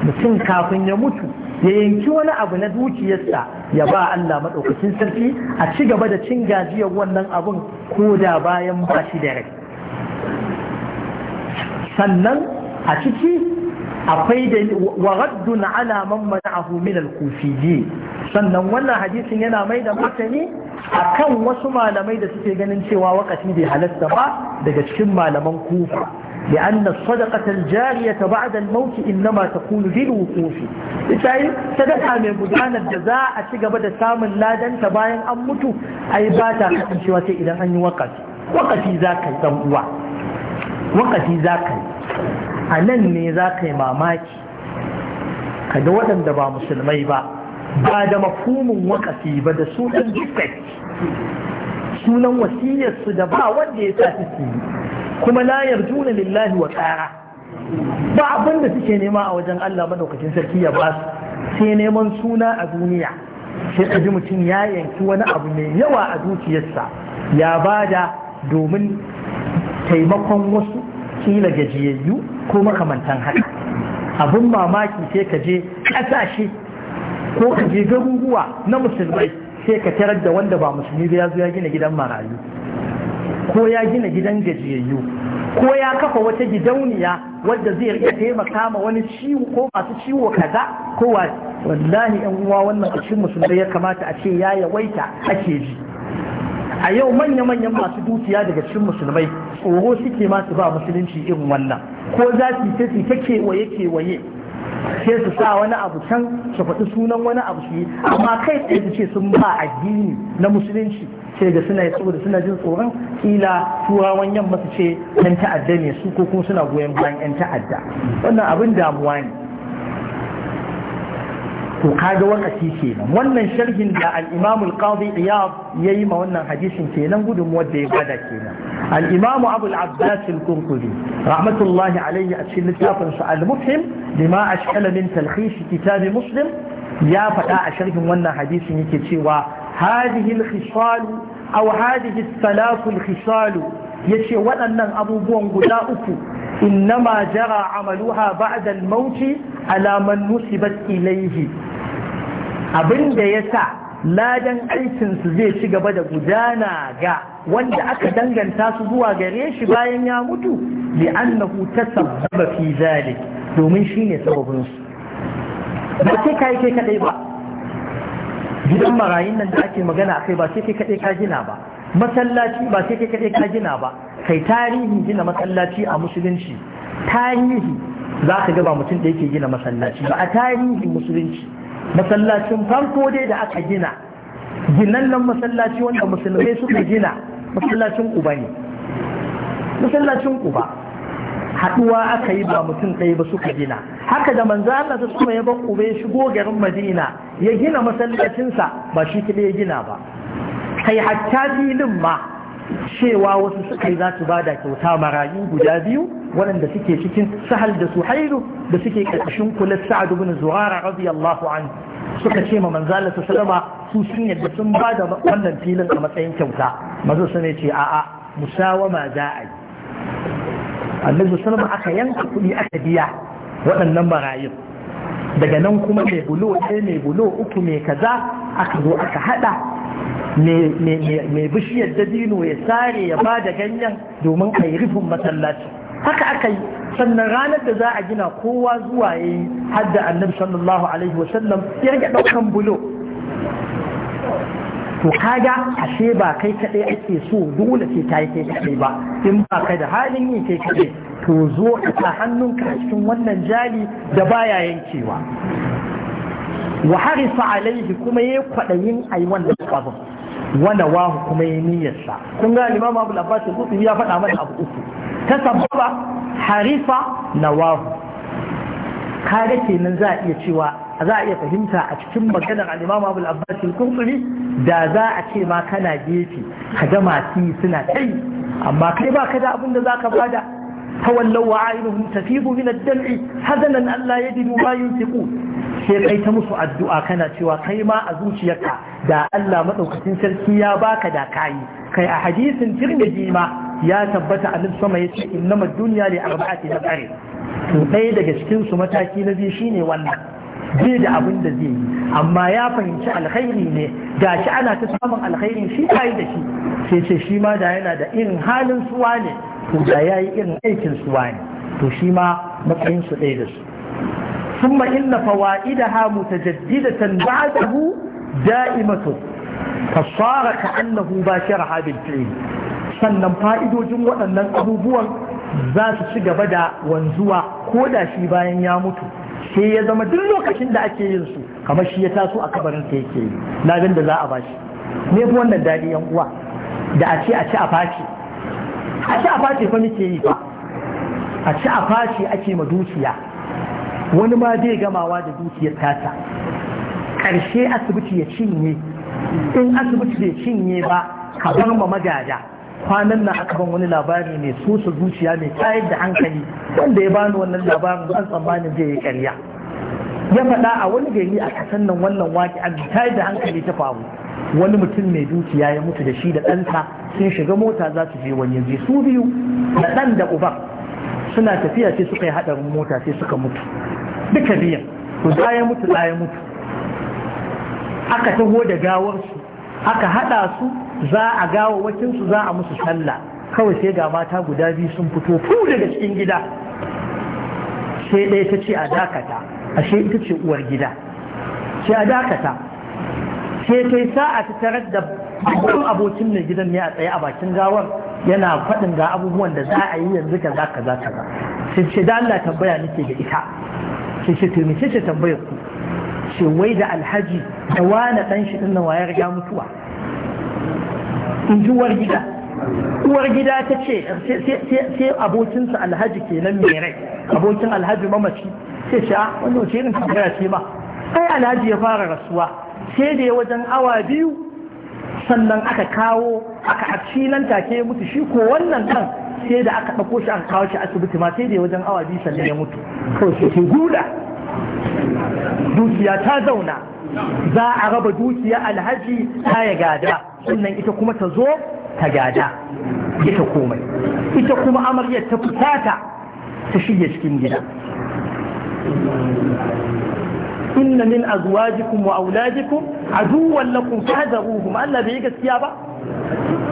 mutum kafin ya mutu ya yanki wani abu na dukiyarsa ya ba Allah maɗaukacin sarki a ci gaba da cin gajiyar wannan abun ko da bayan ba shi da rai sannan a ciki akwai da wa raddun ala man mana'ahu min al sannan wannan hadisin yana mai da martani akan wasu malamai da suke ganin cewa wakati bai halarta ba daga cikin malaman kufa da anna sadaqatal jariya ta ba'da al mawt innama takunu bil wuqufi sai sadaqa mai gudanar da za a ci gaba da samun ladanta bayan an mutu ai ba ta kasancewa sai idan an yi wakati wakati za ka yi dan uwa wakati za ka yi a nan ne za ka yi mamaki kada waɗanda ba musulmai ba ba da mafumin wakasi ba da sunan dukkan sunan wasiyarsu da ba wanda ya sa su yi kuma la yarjuna lillahi wa tsara ba abin da suke nema a wajen Allah madaukakin sarki ya ba su sai neman suna a duniya sai ka ji mutum ya yanki wani abu mai yawa a zuciyarsa ya bada domin taimakon wasu kila gajiyayyu ko makamantan haka abin mamaki sai ka je ƙasashe ko ka je garuruwa na musulmai sai ka tarar da wanda ba musulmi ba ya zo ya gina gidan marayu ko ya gina gidan gajiyayyu ko ya kafa wata gidauniya wadda zai iya taimaka ma wani ciwo ko masu ciwo kaza ko wallahi yan uwa wannan a cikin musulmai ya kamata a ce ya yawaita ake ji a yau manya-manyan masu dukiya daga cikin musulmai tsoro suke masu ba musulunci irin wannan ko za su su ta kewaye-kewaye sai su sa wani abu can su faɗi sunan wani abu su yi amma kai tsaye su ce sun ba addini na musulunci sai ga suna saboda suna jin tsoron kila turawan yamma su ce yan ta'adda ne su ko kuma suna goyon bayan yan ta'adda wannan abin damuwa ne to kaga wakati kenan wannan sharhin da al-Imam al-Qadi ya yi ma wannan hadisin kenan gudun wanda ya bada kenan al-Imam Abu al-Abbas al rahmatullahi alayhi a cikin littafin sa al-Mufhim bima ashkala min talkhis kitab Muslim ya faɗa a sharhin wannan hadisin yake cewa hadhihi al-khisal aw hadhihi al-thalath al-khisal yace waɗannan abubuwan guda uku Inna Ma jara amaluha ba'da al alaman ala man abin da abinda yasa ladan aikin su zai ci gaba da gudana ga wanda aka danganta su zuwa gare shi bayan ya mutu li annahu tasabbaba fi zalik domin shine sababin su ba sai kai kai kadai ba gidan marayin nan da ake magana akai ba sai kai kadai ka gina ba masallaci ba sai kai kaɗai ka gina ba kai tarihi gina masallaci a musulunci tarihi za ka ga ba mutum da yake gina masallaci ba a tarihin musulunci masallacin farko dai da aka gina ginannan masallaci wanda musulmai suka gina masallacin uba ne masallacin uba haduwa aka yi ba mutum ɗaya ba suka gina haka da manzo Allah ta kuma ya bar uba ya shigo garin Madina ya gina masallacinsa ba shi kide ya gina ba kai hatta filin ma cewa wasu suka yi za su ba da kyauta marayu guda biyu waɗanda suke cikin sahal da suhailu da suke ƙarƙashin kula sa'ad ibn zuwara radiyallahu anhu suka ce ma manzala su salama su sun yadda sun ba da wannan filin a matsayin kyauta mazo su ne ce a'a musawama za a yi annabi salama aka yanka kuɗi aka biya waɗannan marayun daga nan kuma mai bulo ɗaya mai bulo uku mai kaza aka zo aka haɗa mai bishiyar dabino ya sare ya ba da ganyen domin a yi rufin masallaci haka aka yi sannan ranar da za a gina kowa zuwa ya yi hadda annabi sallallahu alaihi wasallam ya rage ɗaukan bulo to kaga ashe ba kai kaɗai ake so dole sai ta yi kai kaɗai ba in ba kai da halin yi kai kaɗai to zo ka hannun hannunka a cikin wannan jali da baya yankewa wa harisa alaihi kuma ya kwadayin ai wannan kwazon wanda wahu kuma yayi niyyarsa kun ga Imam Abu Abbas Qutubi ya faɗa mana abu uku ta sababa harisa nawahu kaga kenan za a iya cewa za a iya fahimta a cikin maganar al-Imam Abu Abbas Qutubi da za a ce ma kana gefe ka ga masu suna kai amma kai ba ka da abin da zaka bada tawallau wa a'inuhum tafidu min ad-dam'i Allah alla yajidu ma yunfiqun sai kai ta musu addu'a kana cewa kai ma a zuciyarka da Allah madaukakin sarki ya baka da kai kai a hadisin tirmidhi ma ya tabbata annabi sama yace innama dunya li arba'ati nazari to dai daga cikin su mataki na biyu shine wannan zai da abin da zai yi amma ya fahimci alkhairi ne Da shi ana ta samun alkhairi shi kai da shi sai ce shi ma da yana da irin halin suwa ne to da yayi irin aikin suwa ne to shi ma matsayin su ɗaya da su ثم إن فوائدها متجددة بعده دائمة فصار كأنه باشرها بالفعل sannan fa'idojin waɗannan abubuwan za su ci gaba da wanzuwa ko da shi bayan ya mutu sai ya zama duk lokacin da ake yin su kamar shi ya taso a kabarin ta yake yi ladan da za a bashi ne fi wannan daɗi yan uwa da a ce a ci a face a ci a face fa muke yi fa a ci a face ake ma dukiya wani ma zai gamawa da dukiyar tata ƙarshe asibiti ya cinye in asibiti bai cinye ba ka bar ma magada kwanan na aka ban wani labari mai sosa zuciya mai tayar da hankali wanda ya bani wannan labarin ban tsammanin zai yi karya. ya faɗa a wani gari a kasan nan wannan waki an tayar da hankali ta faru wani mutum mai dukiya ya mutu da shi da ɗansa sun shiga mota za su je wani yanzu su biyu da ɗan da uban suna tafiya sai suka yi haɗarin mota sai suka mutu duka biya to da ya mutu da mutu aka taho da gawarsu aka hada su za a gawo wakinsu za a musu sallah kawai sai ga mata guda biyu sun fito fu daga cikin gida sai ɗaya ta ce a dakata ashe ita ce uwar gida sai a dakata sai ta yi sa'a ta tarar da babban abokin mai gidan ne a tsaye a bakin gawar yana faɗin ga abubuwan da za a yi yanzu ka za ka za ka sai ce da Allah tambaya nake da ita sai ce to mece ce tambayar ku ce wai da alhaji da wani dan shi dinnan wayar ya mutuwa in ji uwar gida uwar gida ta ce sai abokinsa alhaji kenan mai rai abokin alhaji mamaci sai ce a ah, wani wace irin tambaya ce ba sai alhaji ya fara rasuwa sai da ya wajen awa biyu sannan aka kawo aka a nan take mutu shi ko wannan kan sai da aka ɗauko shi aka kawo shi asibiti ma sai da wajen awa biyu sannan ya mutu kawai sai guda dukiya ta zauna za a raba dukiya alhaji ta ya gada sannan ita kuma ta zo ta gada ita komai ita kuma amaryar ta fusata ta shige cikin gida inna min azwajikum wa auladikum aduwwan lakum fahdharuhum Allah bai gaskiya ba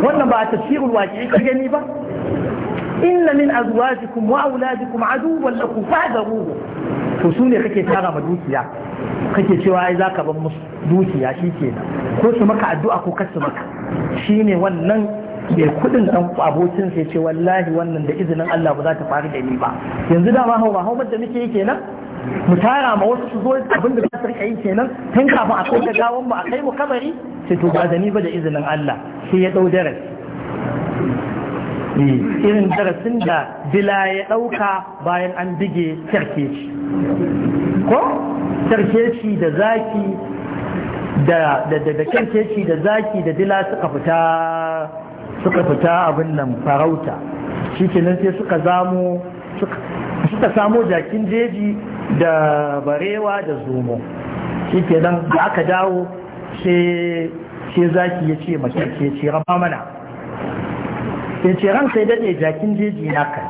wannan ba a tafsirul waqi'i ka gani ba inna min azwajikum wa auladikum aduwwan lakum fahdaruhu to su ne kake tara ma dukiya kake cewa ai zaka ban musu dukiya shikenan ko su maka addu'a ko kasu maka shine wannan mai kudin dan abokin sai ce wallahi wannan da izinin Allah ba za ta faru da ni ba yanzu dama hau ba da muke kenan mu tara ma wasu su zo abin da za su rika yi kenan tun kafin a kai gawan mu a kai mu kamari sai to ba zani ba da izinin Allah sai ya dau darasi eh, irin darasin da bila ya dauka bayan an bige shi ko shi da zaki da da shi da zaki da dila suka fita suka fita abin nan farauta shi kenan sai suka zamo suka samo jakin jeji da barewa da zomo shi ke nan da aka dawo sai zaki ya ce mace ke ce rama mana sai ce ran sai daɗe jakin jeji na kai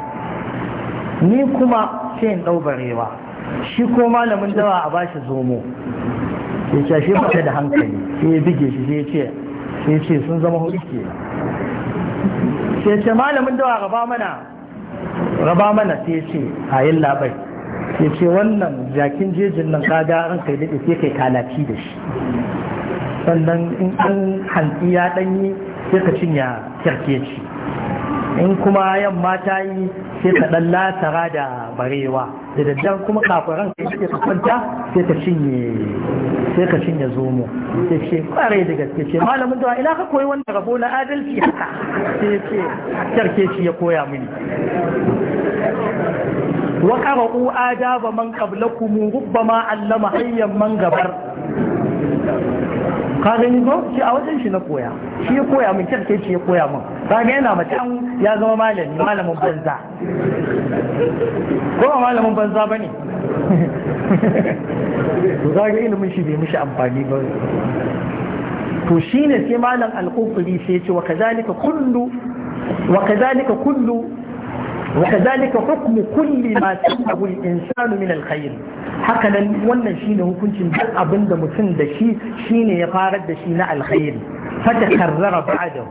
ni kuma sai ɗau barewa shi ko malamin dawa a bashi zomo sai ce shi mace da hankali sai ya bige shi sai ce sai ce sun zama hudu ke sai ce malamin dawa raba mana raba mana sai ce a yin labai ya ce wannan jakin jejin nan kaga an kai daɗe sai kai kalaci da shi sannan in an hantsi ya ɗanyi sai ka cinya kyarkeci in kuma yamma ta yi sai ka ɗan latara da barewa da daddan kuma kafaran sai ka kwanta sai ka cinye sai ka cinye zomo sai ce kwarai da gaske ce malamin da ina ka koyi wanda rabo na adalci haka sai ce kyarkeci ya koya mini wa qara'u adaba man qablakum rubbama allama hayyan man gabar ka gani ko shi a wajen shi na koya shi ya koya min kyarke shi ya koya min ka ga yana mace an ya zama malami malamin banza ko malamin banza bane to za ga ilimin shi bai mishi amfani ba to shine sai malam al sai ya ce wa kazalika kullu wa kazalika kullu وكذلك حكم كل ما سمه الإنسان من الخير هكذا wannan shine hukuncin duk abin da mutum dashi shi shine ya farar da shi na alkhairi fata karrara ba'dahu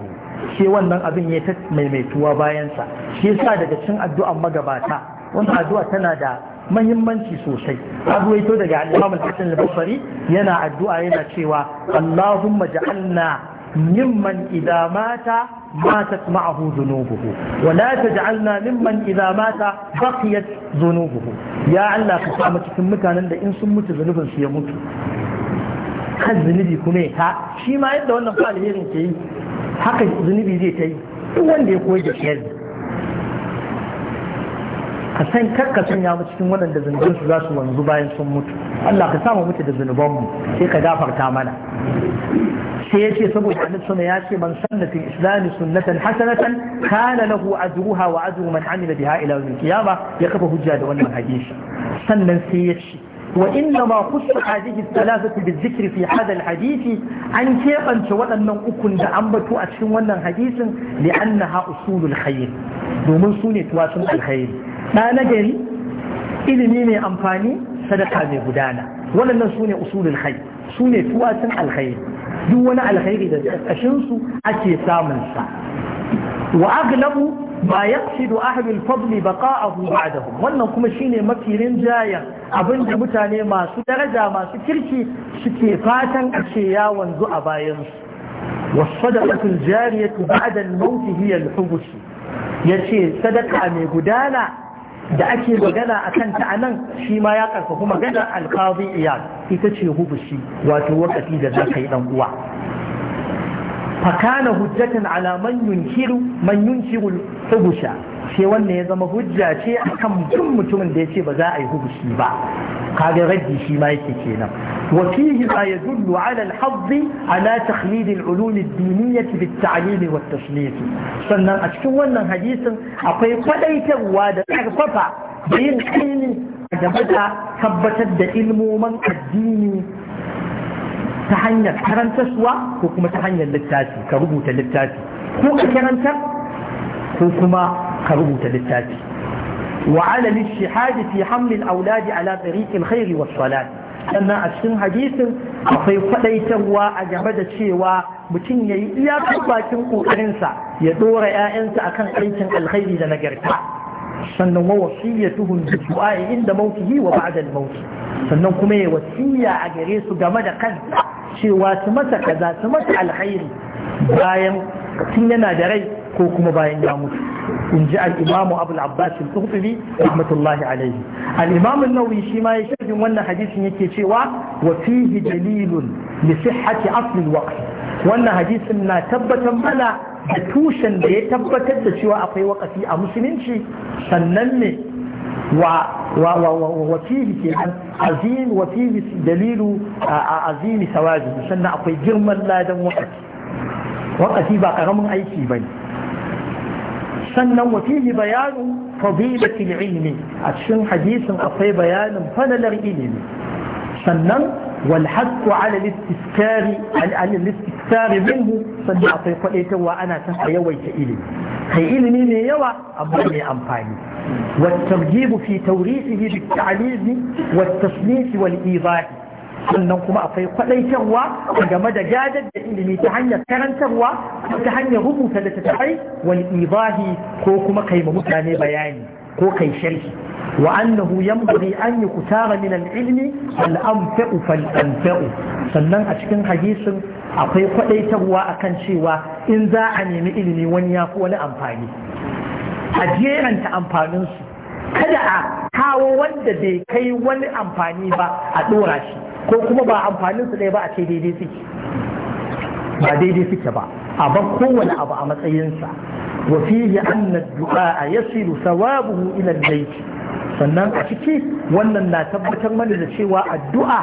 shi wannan abin ya ta maimaituwa bayan sa shi yasa daga cin addu'an magabata wannan addu'a tana da mahimmanci sosai abuwaito daga al-Imam al yana addu'a yana cewa Allahumma ja'alna mimman idza mata ماتت معه ذنوبه ولا تجعلنا ممن إذا مات بقيت ذنوبه يا الله كسامة كمتا نند إن سمت ذنوبا سيموت kan zunubi kuma ya shi ma yadda wannan fa alherin ke yi haka zunubi zai ta yi duk wanda ya koyi da shiyar ka san sanya mu cikin waɗanda zunubin su za su wanzu bayan sun mutu Allah ka samu mutu da zunubanmu sai ka gafarta mana sai yace saboda annabi ya ce man sannata islam sunnatan hasanatan kana lahu ajruha wa ajru man amila biha ila yawm ya kafa hujja da wannan hadisi sannan sai yace wa inna ma khussa hadhihi al-thalathati bi-dhikr fi hadha al an keɓance waɗannan ukun da an batu a cikin wannan hadisin li annaha usulul khair domin su ne tuwasun alkhairi da na ilimi mai amfani sadaka mai gudana waɗannan su ne usulul khair su ne tuwasun alkhairi duk wani alkhairi da ƙarƙashin su ake samun sa wa aglabu ba yaqsidu ahlul fadli baqa'ahu ba'dahum wannan kuma shine mafi rinjayen abinda mutane masu daraja masu kirki suke fatan a ya wanzu a bayan su wasadaqatul jariyatu ba'da al-maut hiya al-hubus yace sadaka mai gudana da ake magana a kanta a nan shi ma ya karfafi maganar alkazi iya ita ce hubushi wato wakati da za ka yi dan uwa fakana hujjatan alaman man yunkiru man yunkiru hubusha sai wannan ya zama hujja ce akan duk mutumin da ya ce ba za a yi hubushi ba kaga raddi shi ma yake kenan wa fihi ma yadullu ala al-hadd ala takhlid al-ulum ad-diniyyah bi at-ta'lim wa at sannan a cikin wannan hadisin akwai kwadaitarwa da karfafa da yin aini game da tabbatar da ilmoman addini ta hanyar karantarsuwa ko kuma ta hanyar littafi ka rubuta littafi ko ka karantar ko kuma aka rubuta littafi wa ala lishihadi fi hamlin auladi ala tariqil khairi was salat sannan a cikin hadisin akwai kwadaitarwa a game da cewa mutum yayi iyakar bakin kokarinsa ya dora ƴaƴansa akan aikin alkhairi da nagarta sannan wa wasiyatuhum bi du'a'i inda mautihi wa ba'da al-maut sannan kuma ya wasiya a gare su game da kansa cewa su masa kaza su masa alkhairi bayan tun yana da rai ko kuma bayan ya mutu in ji al'imamu abu Abbas al-tukhtubi rahmatullahi alaihi al'imamu nauyi shi ma ya shafin wannan hadisin yake cewa wa fihi dalilun li sihhati asli waqt wannan hadisin na tabbatar mana da tushen da ya tabbatar da cewa akwai waqafi a musulunci sannan ne wa وفيه كمان عظيم sannan akwai girman ladan waƙafi. wakati ba karamin aiki bane sannan wafihi bayanin fadilatil ilmi a cikin hadisin akwai bayanin falalar ilimi sannan wal haqqu ala al-istiftari minhu sannan akwai kwadaitarwa ana san a yawaita ilimi kai ilimi mai yawa amma mai amfani والترغيب في توريثه بالتعليم والتصنيف والإيضاح sannan kuma akwai kwaɗaitarwa game da gadar da ilimi ta hanyar karantarwa ta hanyar rubuta littattafai wani ibahi ko kuma kai ma mutane bayani ko kai sharhi wa annahu yanbaghi an yukutara min al-ilmi al-anfa'u fal-anfa'u sannan a cikin hadisin akwai kwaɗaitarwa akan cewa in za a nemi ilimi wani ya fi wani amfani a jeranta amfaninsu kada a kawo wanda bai kai wani amfani ba a ɗora shi ko kuma ba amfanin su ɗaya ba a ce daidai suke ba daidai suke ba a bar kowane abu a matsayinsa wa fihi anna du'a yasilu thawabuhu ila al-bayt sannan a ciki wannan na tabbatar mana da cewa addu'a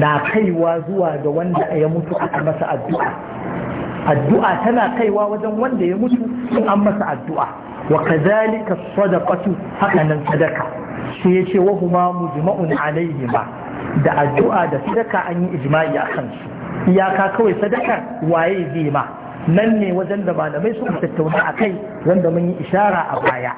na kaiwa zuwa ga wanda ya mutu aka masa addu'a addu'a tana kaiwa wajen wanda ya mutu in an masa addu'a wa kadhalika sadaqatu haka nan sadaka sai ce wa huma mujma'un ba. da addu'a da sadaka an yi ijma'i a kansu iyaka kawai sadaka waye zai ma nan ne wajen da malamai suka tattauna a kai wanda mun yi ishara a baya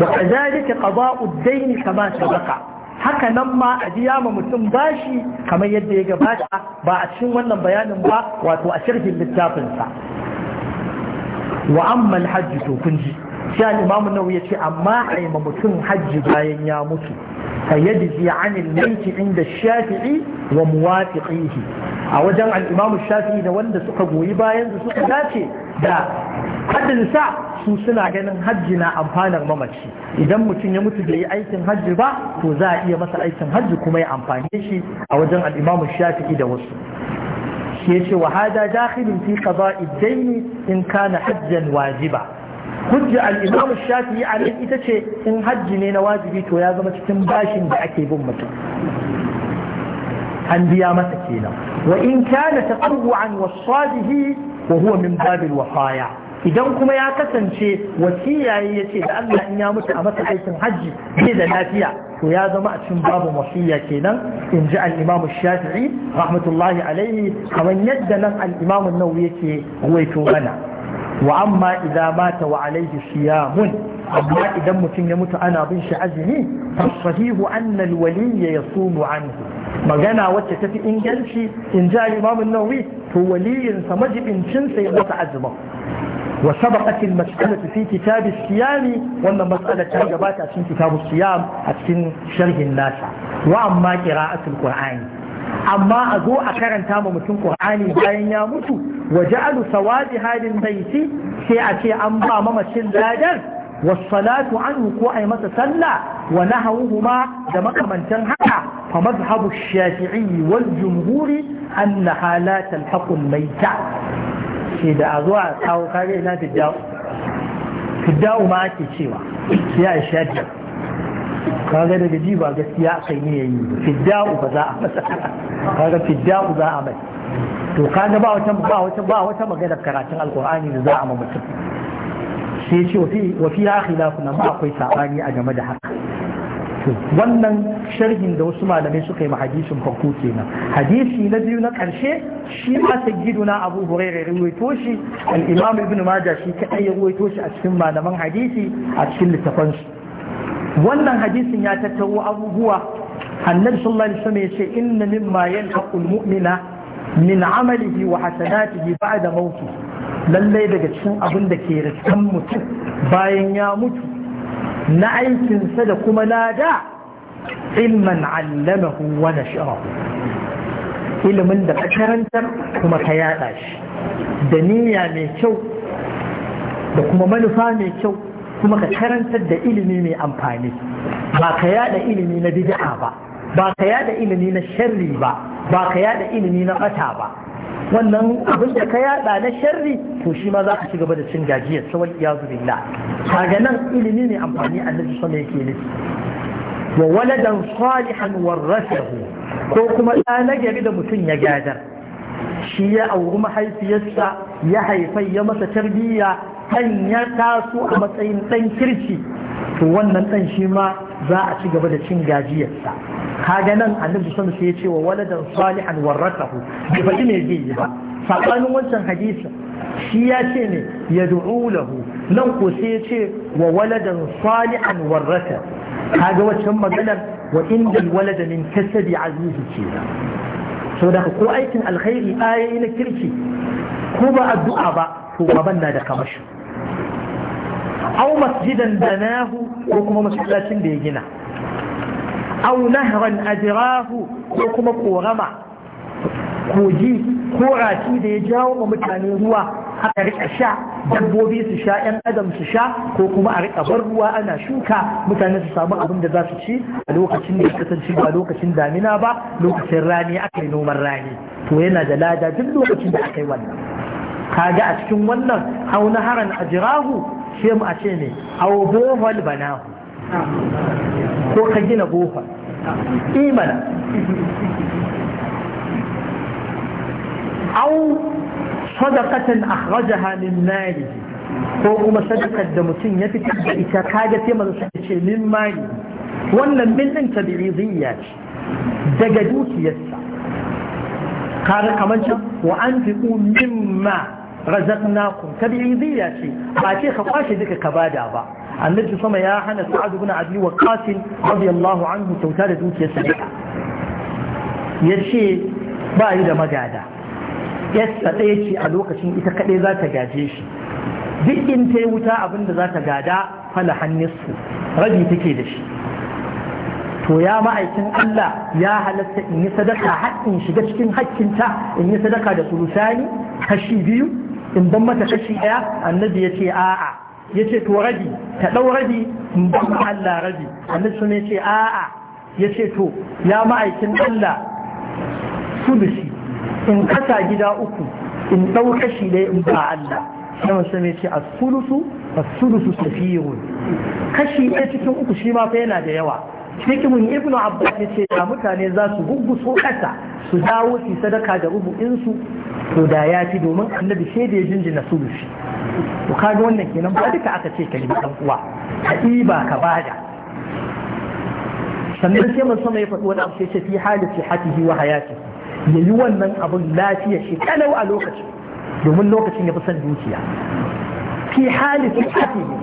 wa kazalika qada'u ad-dayn kama sabaqa haka nan ma a biya ma mutum bashi kamar yadda ya gabata ba a cikin wannan bayanin ba wato a sharhin littafin sa wa amma al-hajj to kun ji sai al-imamu ya yace amma aima yi mutum hajji bayan ya mutu فيجزي inda shafi'i wa muwafi وموافقيه a wajen al'imamu shafi'i da wanda suka goyi bayan da suka dace da haɗin sa, su suna ganin hajji na amfanar mamaci idan mutum ya mutu da yi aikin hajji ba to za a iya masa aikin hajji kuma ya amfane shi a wajen al'imamu shafi'i da wasu shi ya ce wa hada dakhilin fi qada'i daini in kana hajjan wajiba hujja al shafi'i a ita ce in hajji ne na wajibi to ya zama cikin bashin da ake bin mutum an biya masa kenan wa in kana tatawwan wasadihi wa huwa min babil wafaya idan kuma ya kasance wasiya ya ce da Allah in ya mutu a masa aikin hajji ne da lafiya to ya zama a cikin babin wasiya kenan in ji al-imam shafi'i rahmatullahi alaihi kamar yadda nan al-imam nawawi yake ruwaito mana wa amma idan mata wa alaihi siyamun amma idan mutum ya mutu ana bin shi azumi fasahihu anna ya yasumu anhu magana wacce tafi inganci in ja imam an-nawawi to waliyin sa majibincin sa ya wata azuma wa sabaqat al-mas'alatu fi kitab as-siyam wannan mas'ala ta gabata cikin kitab as-siyam a cikin sharhin nasa wa amma qira'atul qur'ani amma a zo a karanta ma mutum Qur'ani bayan ya mutu wa ja'alu sawabi halin baiti sai a ce an ba mamacin ladar wassalatu anhu ko ai masa sallah wa hauhuma da makamantan haka fa mazhabu shafi'i wal jumhuri annaha la talhaqu maita sai da a zo a kawo kare na fidda'u fidda'u ma ake cewa sai a shafi'i kaga daga ji ba gaskiya kai ne yayi fidda'u ba za a masa kaga fidda'u za a mai to kaga ba wata ba wata ba wata magana karatun alqur'ani da za a ma mutum sai ce wa fi ya khilafu na ba akwai sabani a game da haka wannan sharhin da wasu malamai suka yi ma hadisin farko kenan hadisi na biyu na karshe shi ma na abu hurairah ruwaito shi al-imam ibn majah shi kadai ya ruwaito shi a cikin malaman hadisi a cikin littafan wannan hadisin ya tattaro abubuwa annabi sallallahu alaihi wasallam yace inna mimma yanhaqul mu'mina min amalihi wa hasanatihi ba'da mauti lallai daga cikin abin da ke riskan mutum bayan ya mutu na aikinsa da kuma lada ilman allamahu wa nasharahu ilimin da ka karantar kuma ka yada shi da niyya mai kyau da kuma manufa mai kyau kuma ka karantar da ilimi mai amfani ba ka yada ilimi na bid'a ba ba ka yada ilimi na sharri ba ba ka yada ilimi na bata ba wannan abin da ka yada na sharri to shi ma za ka ci gaba da cin gajiyar sawal iyazu billah kaga nan ilimi mai amfani annabi sallallahu alaihi wasallam yake nufi wa waladan salihan warathahu ko kuma ɗa na gari da mutum ya gadar shi ya auri mahaifiyarsa ya haifai ya masa tarbiyya ɗan ya taso a matsayin ɗan kirki to wannan ɗan shi ma za a ci gaba da cin gajiyarsa kaga nan annabi sun sai ya ce wa waladan salihan warratahu bai faɗi me zai yi ba sabanin wancan hadisi shi ya ce ne ya du'u lahu nan ko sai ya ce wa waladan salihan warrata kaga waccan maganar wa inda walada min kasabi azizi ce so da ko aikin alkhairi ayoyi na kirki ko ba addu'a ba to baban na da kamashi au masjidan banahu ko kuma masallacin da ya gina au nahran ajrahu ko kuma korama koji ko rafi da ya jawo wa mutane ruwa aka rika sha dabbobi su sha yan adam su sha ko kuma a rika bar ruwa ana shuka mutane su samu abin da za su ci a lokacin da ya kasance ba lokacin damina ba lokacin rani aka yi noman rani to yana da lada duk lokacin da aka yi wannan kaga a cikin wannan hauna haran ajirahu mu a ce ne aw bohol banahu ko ka gina bohol imana aw sadaqatan akhrajaha min mali ko kuma sadaqar da mutum ya fitar da ita kaga sai mu ce min mali wannan min din tabi'idiyya ce daga dukiyarsa kare kamar can wa an fi mimma razaqnakum tabi'idiyya ce ba ce ka kwashe duka ka bada ba annabi sama ya hana sa'ad ibn abi waqqas radiyallahu anhu kyauta da dukiyar Ya yace ba yi da magada yassa ɗaya ce a lokacin ita kaɗai za ta gaje shi duk in ta yi wuta abin da za ta gada fala hannisu rabi take da shi to ya ma'aikin Allah ya halatta in yi sadaka har in shiga cikin hakkinta in yi sadaka da sulusani kashi biyu in ban mata kashi ɗaya annabi ya ce a'a ya ce to rabi ta ɗau rabi in ban ma Allah rabi annabi sun ya ce a'a ya ce to ya ma'aikin Allah sulusi in kasa gida uku in ɗau kashi ɗaya in ba Allah sai mutum ya ce A sulusu as-sulusu safiyun kashi ɗaya cikin uku shi ma fa yana da yawa hikimin ibnu abbas ya ce da mutane za su so kasa su dawo su sadaka da su to da ya ci domin annabi sai da ya jinjina su rufi to kaga wannan kenan ba duka aka ce kalmi dan uwa ka ba ka bada sannan sai mun sama ya faɗi wani abu sai ce fi halati hatihi wa hayati yayi wannan abun lafiya shi kalau a lokacin domin lokacin ya fi son dukiya fi hali hatihi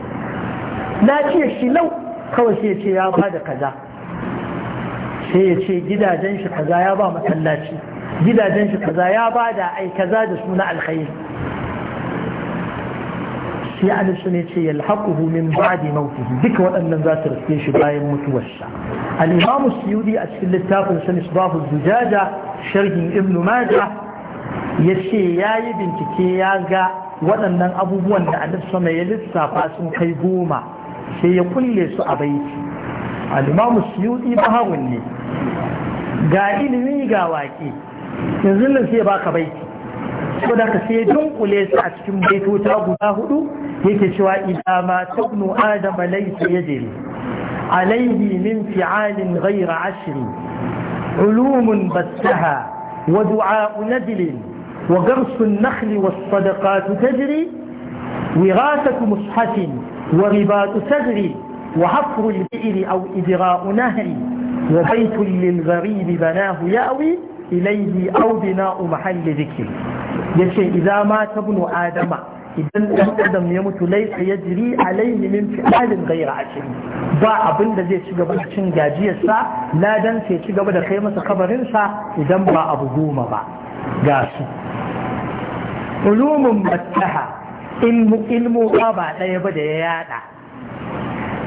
lafiya shi lau kawai sai ya ce ya ba da kaza sai ya ce gidajen shi kaza ya ba masallaci gidajen shi kaza ya ba da ai kaza da suna alkhairi sai alisu ne ce yalhaquhu min ba'di mautihi duka waɗannan za su riske shi bayan mutuwarsa al-imam suyudi a cikin littafin sa misbahu zujaja sharhin ibn majah yace yayi bincike ya ga waɗannan abubuwan da annabi sama ya lissafa sun kai goma sai ya kulle su a baiti al'imamu suyuti bahawun ne ga ilimi ga waƙi yanzu nan sai baka baiti ko da ka sai dunkule su a cikin baitota guda hudu yake cewa idan ma tabnu adama laysa yajri alayhi min fi'alin ghayra ashri علوم بثها Wagarsun نجل وغرس النخل والصدقات تجري وراثة مصحف ورباط ثغر وحفر البئر أو إدراء نهر وبيت للغريب بناه يأوي إليه أو بناء محل ذكر يشي إذا مات ابن آدم idan ɗan adam ya mutu laisa ya jiri alaihi min fi'alin gaira ashir ba abin da zai ci gaba da cin gajiyarsa ladan sai ci gaba da kai masa kabarinsa idan ba abu goma ba ga su ulumun mattaha ilmu ba ɗaya ba da ya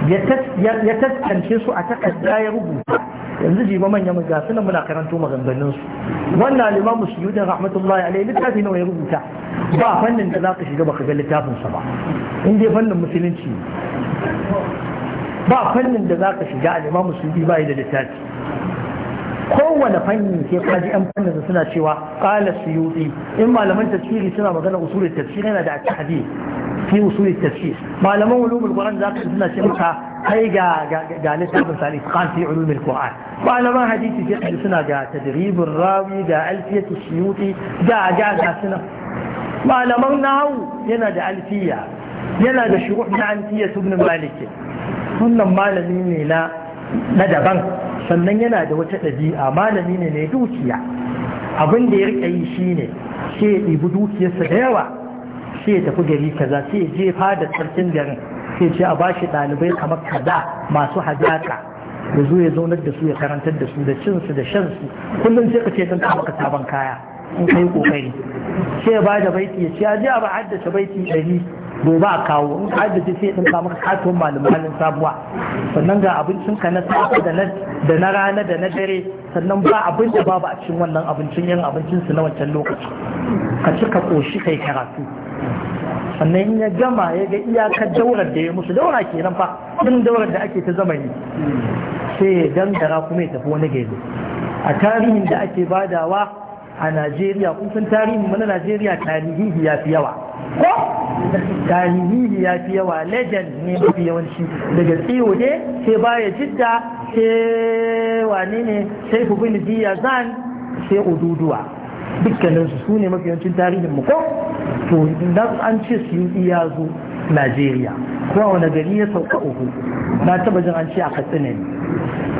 yada ya taskance su a takarda ya rubuta yanzu jima manya ga gasu nan muna karanto maganganun su wannan limamu su yudin rahmatullahi alaihi littafi nawa ya rubuta ba fannin da za ka shiga baka ga littafin sa ba in dai fannin musulunci ba fannin da za ka shiga al-imamu su ba da littafi kowane fanni sai kaji yan fannin suna cewa qala suyuti in malaman tafsiri suna magana usul tafsir yana da tahdid fi usul tafsir malaman ulumul qur'an za su suna cewa maka kai ga ga littafin sa al-itqan fi ulumul qur'an malaman hadisi sai suna ga tadribur rawi da alfiyatu suyuti da ga ga suna malaman nahu yana da alfiya yana da shuruh na alfiya ibn malik wannan malami ne na na daban sannan yana da wata ɗabi'a malami ne mai dukiya abin da ya rika yi shi ne sai ya ɗibi dukiyarsa da yawa sai ya tafi gari kaza sai ya jefa da sarkin garin sai ce a bashi ɗalibai kamar kaza masu hajjata ya zo ya zaunar da su ya karantar da su da cinsu da shansu kullum sai ka ce don kama ka sabon kaya in kai kokari sai ba da baiti ya ce je a ba haddace baiti ɗari gobe a kawo ka da sai din ka maka katon malamalin sabuwa sannan ga abincin ka na safe da na rana da na dare sannan ba abin da babu a cikin wannan abincin yin abincin su na wancan lokaci ka ci ka koshi kai karatu sannan in ya gama ya ga iyakar daurar da ya musu daura kenan fa din daurar da ake ta zamani sai ya dangara kuma ya tafi wani gari a tarihin da ake badawa a Najeriya kun san tarihin mana Najeriya tarihi ya fi yawa ko tarihi ya fi yawa legend ne mafi yawanci daga tsiyo ne sai baya jidda sai wane ne sai ku bin diya zan sai ududuwa dukkanin su su ne mafi yawancin tarihin mu ko to idan an ce su yi iya zo Najeriya ko wani gari ya sauka uku na taba jin an ce a Katsina ne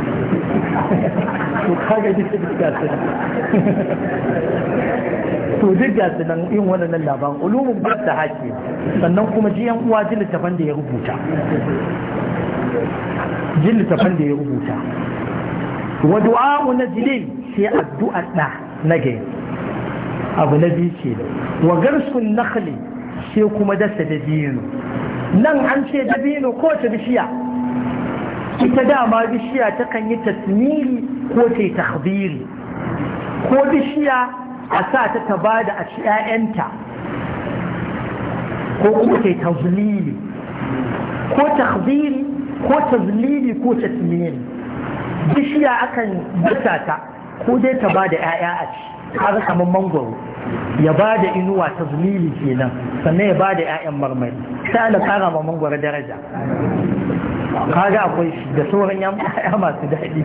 to kaga duk gasu to duk gasu nan yin wannan labarin ulumu ba da haƙi sannan kuma ji yan uwa jin littafan da ya rubuta jin littafan da ya rubuta wa du'a'u jilin sai addu'a da nage abu na biyu ce. wa garsun nakhli sai kuma dasa da biyu nan an ce dabino ko ta bishiya ita dama bishiya takan yi tasmiri ko ta yi takbiri ko bishiya a sa ta ta ba da a ko kuma ta yi tazlili ko takbiri ko tazlili ko tasmiri bishiya akan dasa ta ko dai ta ba da 'ya'ya a ci kaga kamar mangoro ya ba da inuwa tazlili kenan sannan ya ba da 'ya'yan marmari sai ala kara ma mangoro daraja kaga akwai shi da sauran ya masu daɗi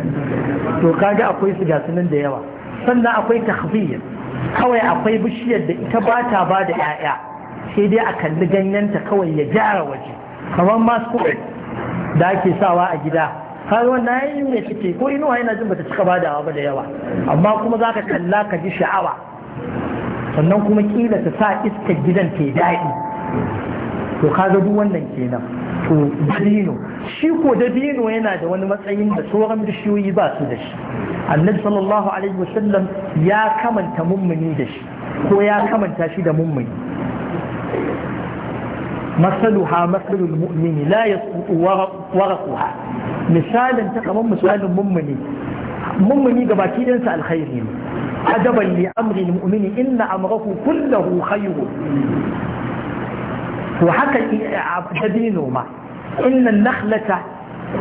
to kaga akwai su gasu nan da yawa sannan akwai tahfiyar kawai akwai bishiyar da ita ba ta ba da 'ya'ya sai dai a kalli ganyenta kawai ya gyara waje kamar masu da ake sawa a gida har wannan yi ne suke ko inuwa yana jin bata cika badawa ba da yawa amma kuma za ka kalla ka ji sha'awa sannan kuma kila ta sa iskar gidan ta daɗi to kaga duk wannan kenan to dabino shi ko dabino yana da wani matsayin da sauran bishiyoyi ba su da shi annabi sallallahu alaihi wasallam ya kamanta mummuni da shi ko ya kamanta shi da mummuni masaluha masalul mu'mini la yasqutu waraqaha misalin ta kaman misalin mummuni mummuni gabaki ɗinsa alkhairi ne adaban li amri mu'mini inna amrahu kullahu khairun to haka dabino ma innan nakhlata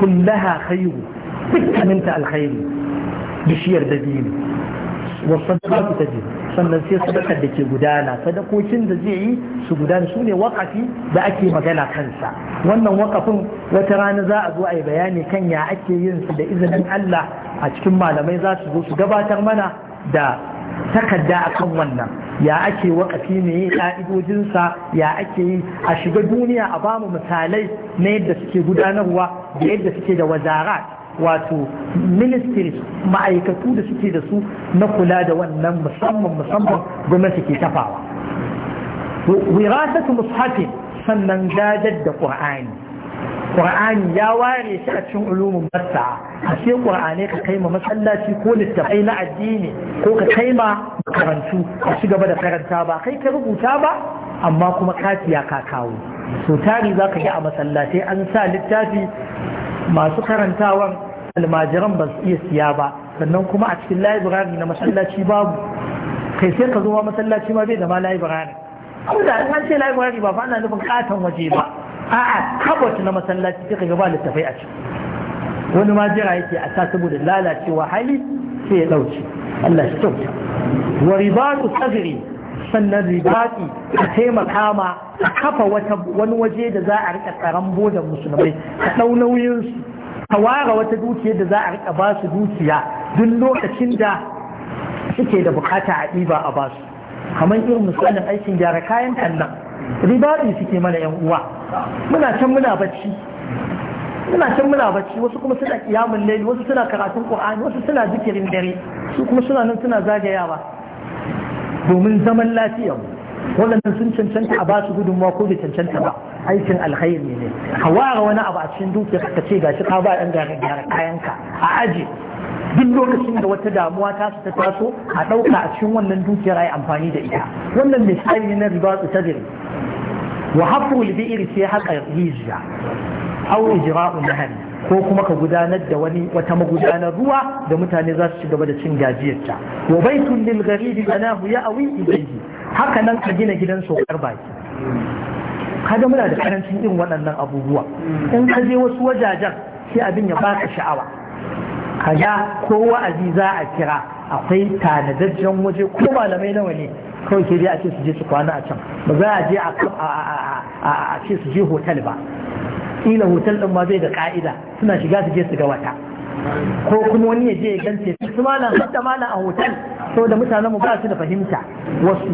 kullaha khairu dukkaninta alkhairi bishiyar dabino wasu sannan sai sadakar da ke gudana sadakokin da zai yi su gudana su ne wakafi da ake magana kansa wannan wakafin wata rana za a zo a yi bayani kan ya ake yin su da izinin Allah a cikin malamai za su zo su gabatar mana da takarda akan wannan ya ake wakafi ne ƙa'idojinsa ya ake yi a shiga duniya a bamu misalai na yadda suke gudanarwa da yadda suke da wazara wato ministry ma'aikatu da suke da su na kula da wannan musamman musamman gwamnati ke tafawa wirasatu mushafin sannan gadar da ƙur'ani qur'ani ya ware shi a cikin ulumin bassa a ce qur'ani ka kai ma masallaci ko littafai na addini ko ka kai ma makarantu a ci gaba da karanta ba kai ka rubuta ba amma kuma katiya ka kawo so tari za ka yi a masallatai an sa littafi masu karantawan almajiran ba su iya siya ba sannan kuma a cikin laibirari na masallaci babu kai sai ka zo ma masallaci ma bai da ma laibirari ko da an ce laibirari ba fa ana nufin katon waje ba a'a kabot na masallaci suka ga ba littafai a ciki wani ma jira yake a sa saboda lalacewa hali sai ya dauce Allah shi kyauta wa ribatu sagri sannan ribati ka taimaka ma ka kafa wani waje da za a rika tsaron da musulmai ka dau nauyin su ka ware wata dukiya da za a rika ba su dukiya duk lokacin da suke da bukata a ɗiba a basu kamar irin misalin aikin gyara kayan kallon. ribaɗi suke mana yan uwa muna can muna bacci muna can muna bacci wasu kuma suna kiyamun laili wasu suna karatun qur'ani wasu suna zikirin dare su kuma suna nan suna zagayawa domin zaman lafiyar mu waɗannan sun cancanta a ba su gudunmawa ko bai cancanta ba aikin alkhairi ne ware wani abu a cikin dukiya ka ce gashi ka ba ɗan gare gyara kayanka a aji duk lokacin da wata damuwa ta ta taso a ɗauka a cikin wannan dukiyar ai amfani da ita wannan misali na riba su dare. wa hafu libiri sai haka rijiya au ijra'u ko kuma ka gudanar da wani wata magudanar ruwa da mutane za su ci gaba da cin gajiyarta wa baitun lil gharibi anahu ya'awi ilayhi haka nan ka gina gidan sokar baki kaga muna da karancin irin waɗannan abubuwa in ka je wasu wajajen sai abin ya baka sha'awa kaga ko wa'azi za a kira akwai tanadajjen waje ko malamai nawa ne kawai ke je a ce su je su kwana a can ba za a je a ce su je hotel ba ila hotel ɗin ma zai da ka'ida suna shiga su je su ga wata ko kuma wani ya je ya gance su malam hatta malam a hotel saboda mutanen mu ba su da fahimta wasu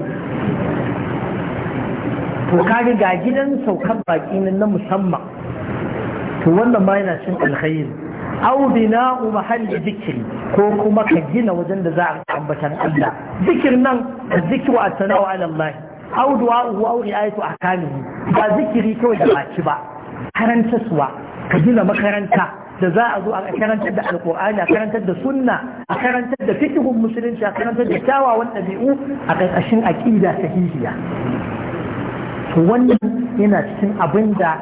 to ga gidan saukan baki na na musamman to wannan ma yana cin alkhairi aw bina'u mahalli zikri ko kuma ka gina wajen da za a ambatan Allah zikir nan zikru at-tana'u ala Allah aw du'a'u aw ri'ayatu ahkamihi ba zikiri kawai da baki ba karantaswa ka gina makaranta da za a zo a karantar da alkur'ani a karantar da sunna a karantar da fikihun musulunci a karantar da kyawawan ɗabi'u a ƙarƙashin aƙida sahihiya to wannan yana cikin abin da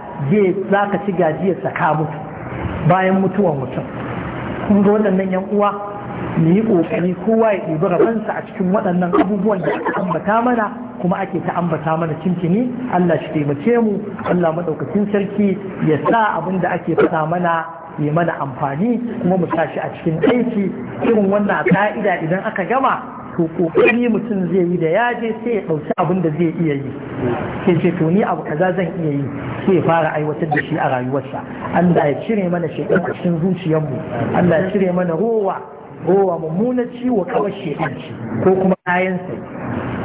za ka ci gajiyar saka mutu bayan mutuwan mutum kun ga waɗannan yan uwa mu yi ƙoƙari kowa ya ɗibi rabansa a cikin waɗannan abubuwan da aka ambata mana kuma ake ta ambata mana cincini Allah shi taimake mu Allah maɗaukacin sarki ya sa abin da ake faɗa mana ya mana amfani kuma mu tashi a cikin aiki irin wannan ka'ida idan aka gama to kokari mutum zai yi da ya je sai ya ɗauki abin da zai iya yi sai ce to ni abu kaza zan iya yi sai ya fara aiwatar da shi a rayuwarsa Allah ya cire mana shekaru a cikin zuciyarmu Allah ya cire mana rowa rowa mummunar ciwo kawai shekaru ko kuma kayansa. sai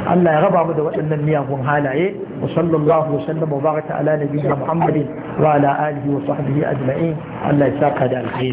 Allah ya raba mu da waɗannan miyagun halaye wa sallallahu wa sallam wa baraka ala nabiyina Muhammadin wa ala alihi wa sahbihi ajma'in Allah ya saka da alheri